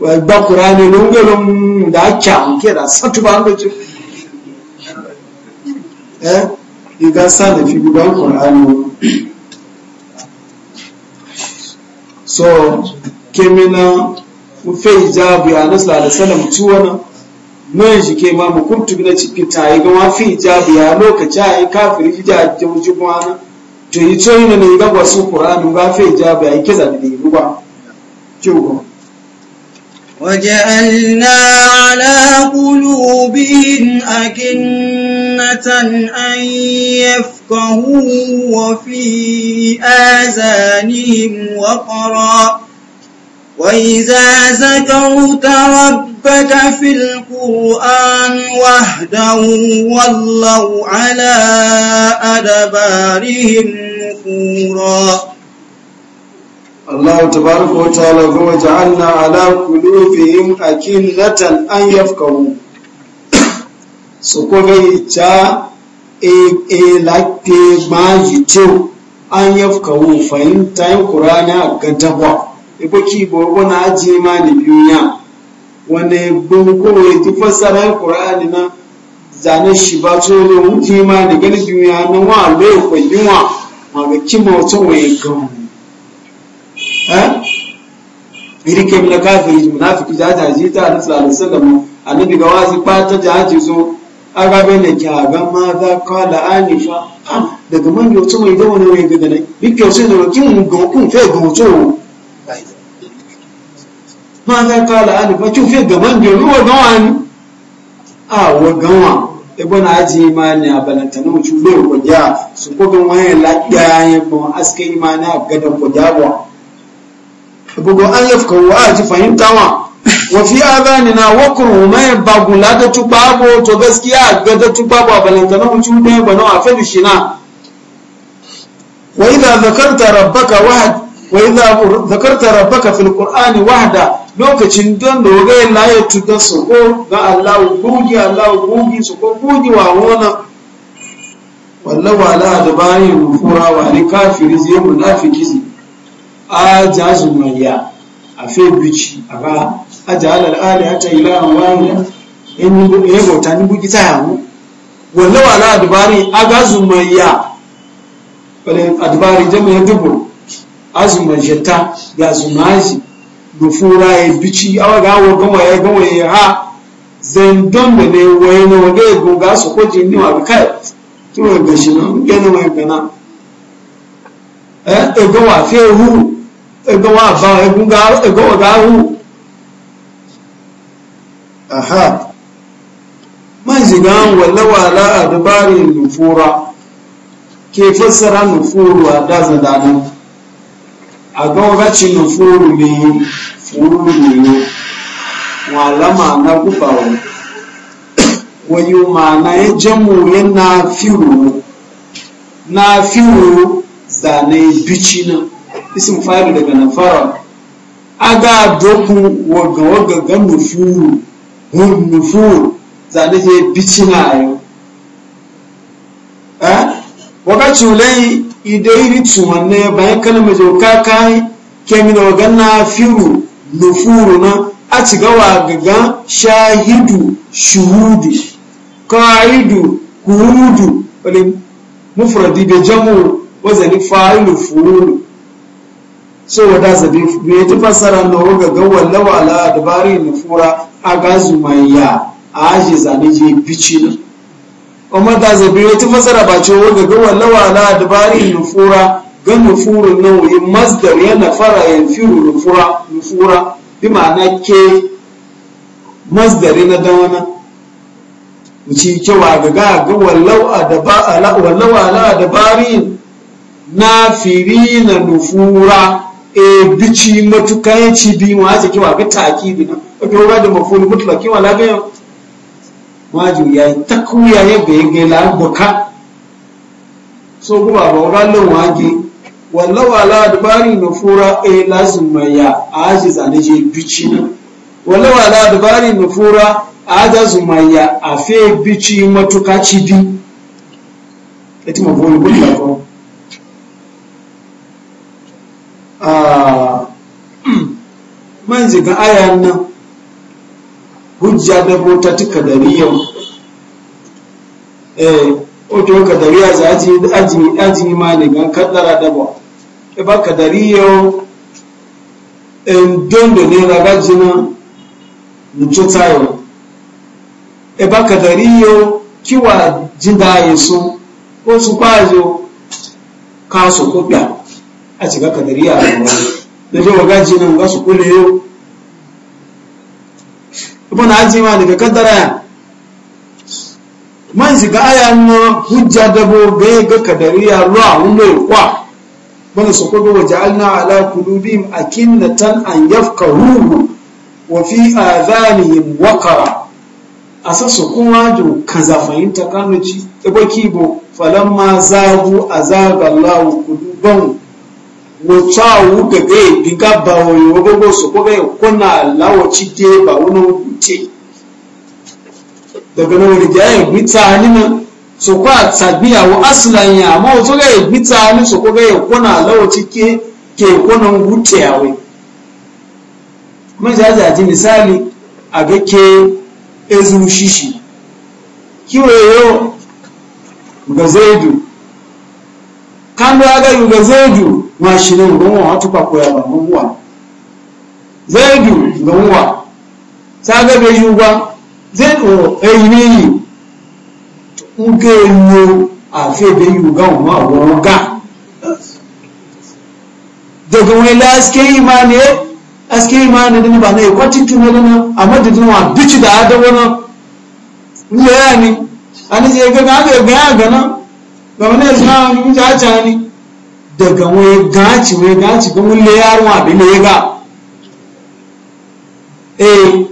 ba kurani lungalun da aka ke da satu ba an gaci eh yi gasa da fi gudan kurani so kemina mufai jabu ya nasu da salam ciwona mun shi ke ma mukuntu na ciki ta yi gama fi jabu ya lokaci a yi kafin hijab to yi coyi na ne ga wasu kurani ba fi jabu ya yi kiza da وجعلنا على قلوبهم أكنة أن يفقهوا وفي آذانهم وقرا وإذا ذكرت ربك في القرآن وحده والله على أدبارهم نفورا Allah tabaraka wa ta'ala kuma ja'alna ala qulubihim akinnatan an yafqahu so ko gai ta e e ma yito an yafqahu fahimta yin qur'ana ga dabwa e ko ki bo wona aje ma ni biya wanda ya ko ya ti fassara qur'ani na zanen shi ba to ne mutima da ganin biya na wa lo ko yiwa ma ga kimo to wai gamu iri kai na kafiri munafiki ja jaji ta annabi sallallahu alaihi wasallam annabi ga wazi kwata jaji so aga bene ki ga ma za kala anifa daga man yo to mai da wani wai daga ne bikke so ne kin go kun fe go to ma kala anifa ki fe ga man yo ruwa ga wani a wa gawa ebe na aji imani a balantana mu ci bai su wani ya imani a gbogbo an yafka wa a ji fahimta wa Wafi fi adani na wakuru mai bagula da tubabo to gaskiya ga da Tubabu a balantana mu cuɗe ba na a fadi shi na wa idza zakarta rabbaka wahad wa idza fil qur'ani wahda lokacin don da ga la ya tuda su ko ga Allah gugi Allah gugi su ko gugi wa wona wallahu ala adbari kura wa ni kafiri zai munafiki a ja zumayya a fe bici a ba a ja al'ada ya ta yi la'an wani ya bauta ni buki ta yamu wanda wa na adubari a ga zumayya wani adubari jami'a dubu a zumayyatta ga zumaji gufura ya bici awa ga awa gama ya gama ya ha zandon da ne wani wani ga su kwaji ni wa kai tuwa gashi nan gana mai gana egan wa fi ehu egan wa ba egun ga egan wa ga hu aha man zigan wallawa la adbari nufura ke fassara nufuru a dazan dana a ga wakacin nufuru ne furu ne walama na gubawa wayo ma na ya jamu yana firu na firu da na yi bici na isin fari daga na fara a ga dokun waga waga ga nufuru hun nufuru za na yi bici na ayo eh wakati ulai idairi tumanne bayan kalma jauka kai kemina waga na firu nufuru na a ci gawa gaga shahidu shuhudi qa'idu kurudu wani mufradi da jamu wazani fa'ilu furu so wata zabi mai ta fasara na ga ga fura. A dabari nufura ya a ajiye zane je bici kuma da zabi ta fasara ba ce ga ga wallawa ala dabari nufura ga nufurun nan wani masdar yana fara ya firu nufura nufura bi ma'ana ke masdari na dawana wuce kyawa ga ga lawala da bari dabari Na nufura e bici ya ci bi wa ta kiwa ga bi na ake ga da mafulu mutula kiwa la ga waju ya takwiya ya bayan gai la so kuma ba wa lan waje wallawa ala dubari nufura e lazima ya haji zane je bici na wallawa ala dubari nufura aja zumaya afe bici matuka ci bi etima bolu mutla ko man jiga ayan nan hujja da bota ta kadariya eh ojo kadariya za aji aji aji ma ne gan kaddara da ba e ba kadariya en don da ne raga jina mutu tayo e ba kadariya kiwa jinda yesu ko su kwazo kaso ko da a shiga kadariya a gaba da je wa gaji nan ga su kule yau kuma na ajima daga kaddara ya man shiga aya na hujja dabo ga ga kadariya ruwa wanda ya kwa bana su kudu wa ja'alna ala a akinnatan an yafqahuhu wa fi adhanihim waqara asa kuma do kaza fahimta kanuci ci ta kibo falamma zagu a Allahu wòtɔ awu gɛgɛ ebi gaba oyo gbogbo sɔkpɔ gɛ kɔna lawɔtsi de bawo na wòtse dɔgɔ na wòle gya egbi na nina sɔkpɔ atagbi awo asila nya ama ma gɛ egbi taa ni sɔkpɔ gɛ kɔna lawɔtsi ke ke kɔna wòtse awo mɛnza adze adze misali agɛke ezu shishi kiwo eyo gazedu kando aga yu gazedu. ma shi ne ga wa tuka koya ba mun wa zaidu ga wa ta ga bai yi ba zaidu ai ne yi uke yo a fe bai yi ga wa wa ga daga wani laske imani aske imani da ba ne kwatin tunan a madadin wa bici da adawana ne yani ani je ga ga ga ga na ga wani islam mun ni daga wai gaci wai gaci ga mun le yaro abi le ga eh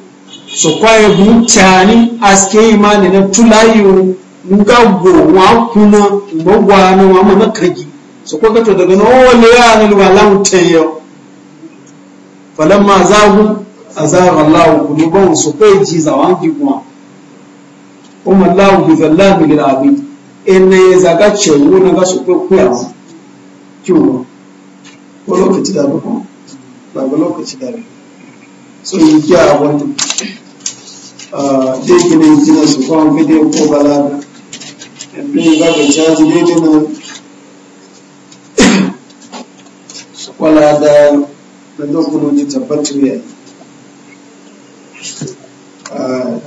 so kwaye mutani aske imani na tulayu nuka go wa kuna ngo na wa mama kaji so kwaka to daga no wale ya na lu ala mutayyo falamma zahu azara Allah kulubun so kai ji ki kuma umma Allah bi zallami lil abid inna yazaka chewu na ga so ko kuya. kyau ko lokaci da ko ba ba lokaci da so yi ya wani ah, dai gina gina su kwan fide ko bala balaga ɗin ba ga caji dai gina su kwala da na dokunan ji tabbatu ya yi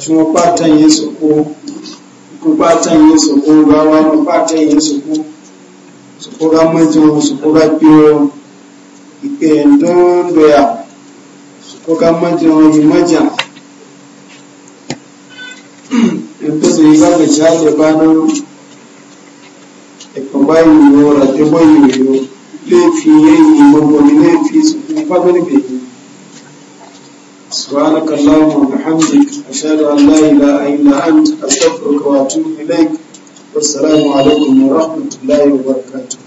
kuma ah, fatan yin su ko ko yin su ko gawa ko yin su ko sukura majin sukura biyu ike dondo ya sukura majin yi maja in ta zai ba ga shaɗe ba nan ikon bayi yiwu rate bayi yiwu laifi yayi maboni laifi su kuma fagar bai سبحانك اللهم وبحمدك أشهد أن لا إله إلا أنت أستغفرك وأتوب إليك والسلام عليكم ورحمة الله وبركاته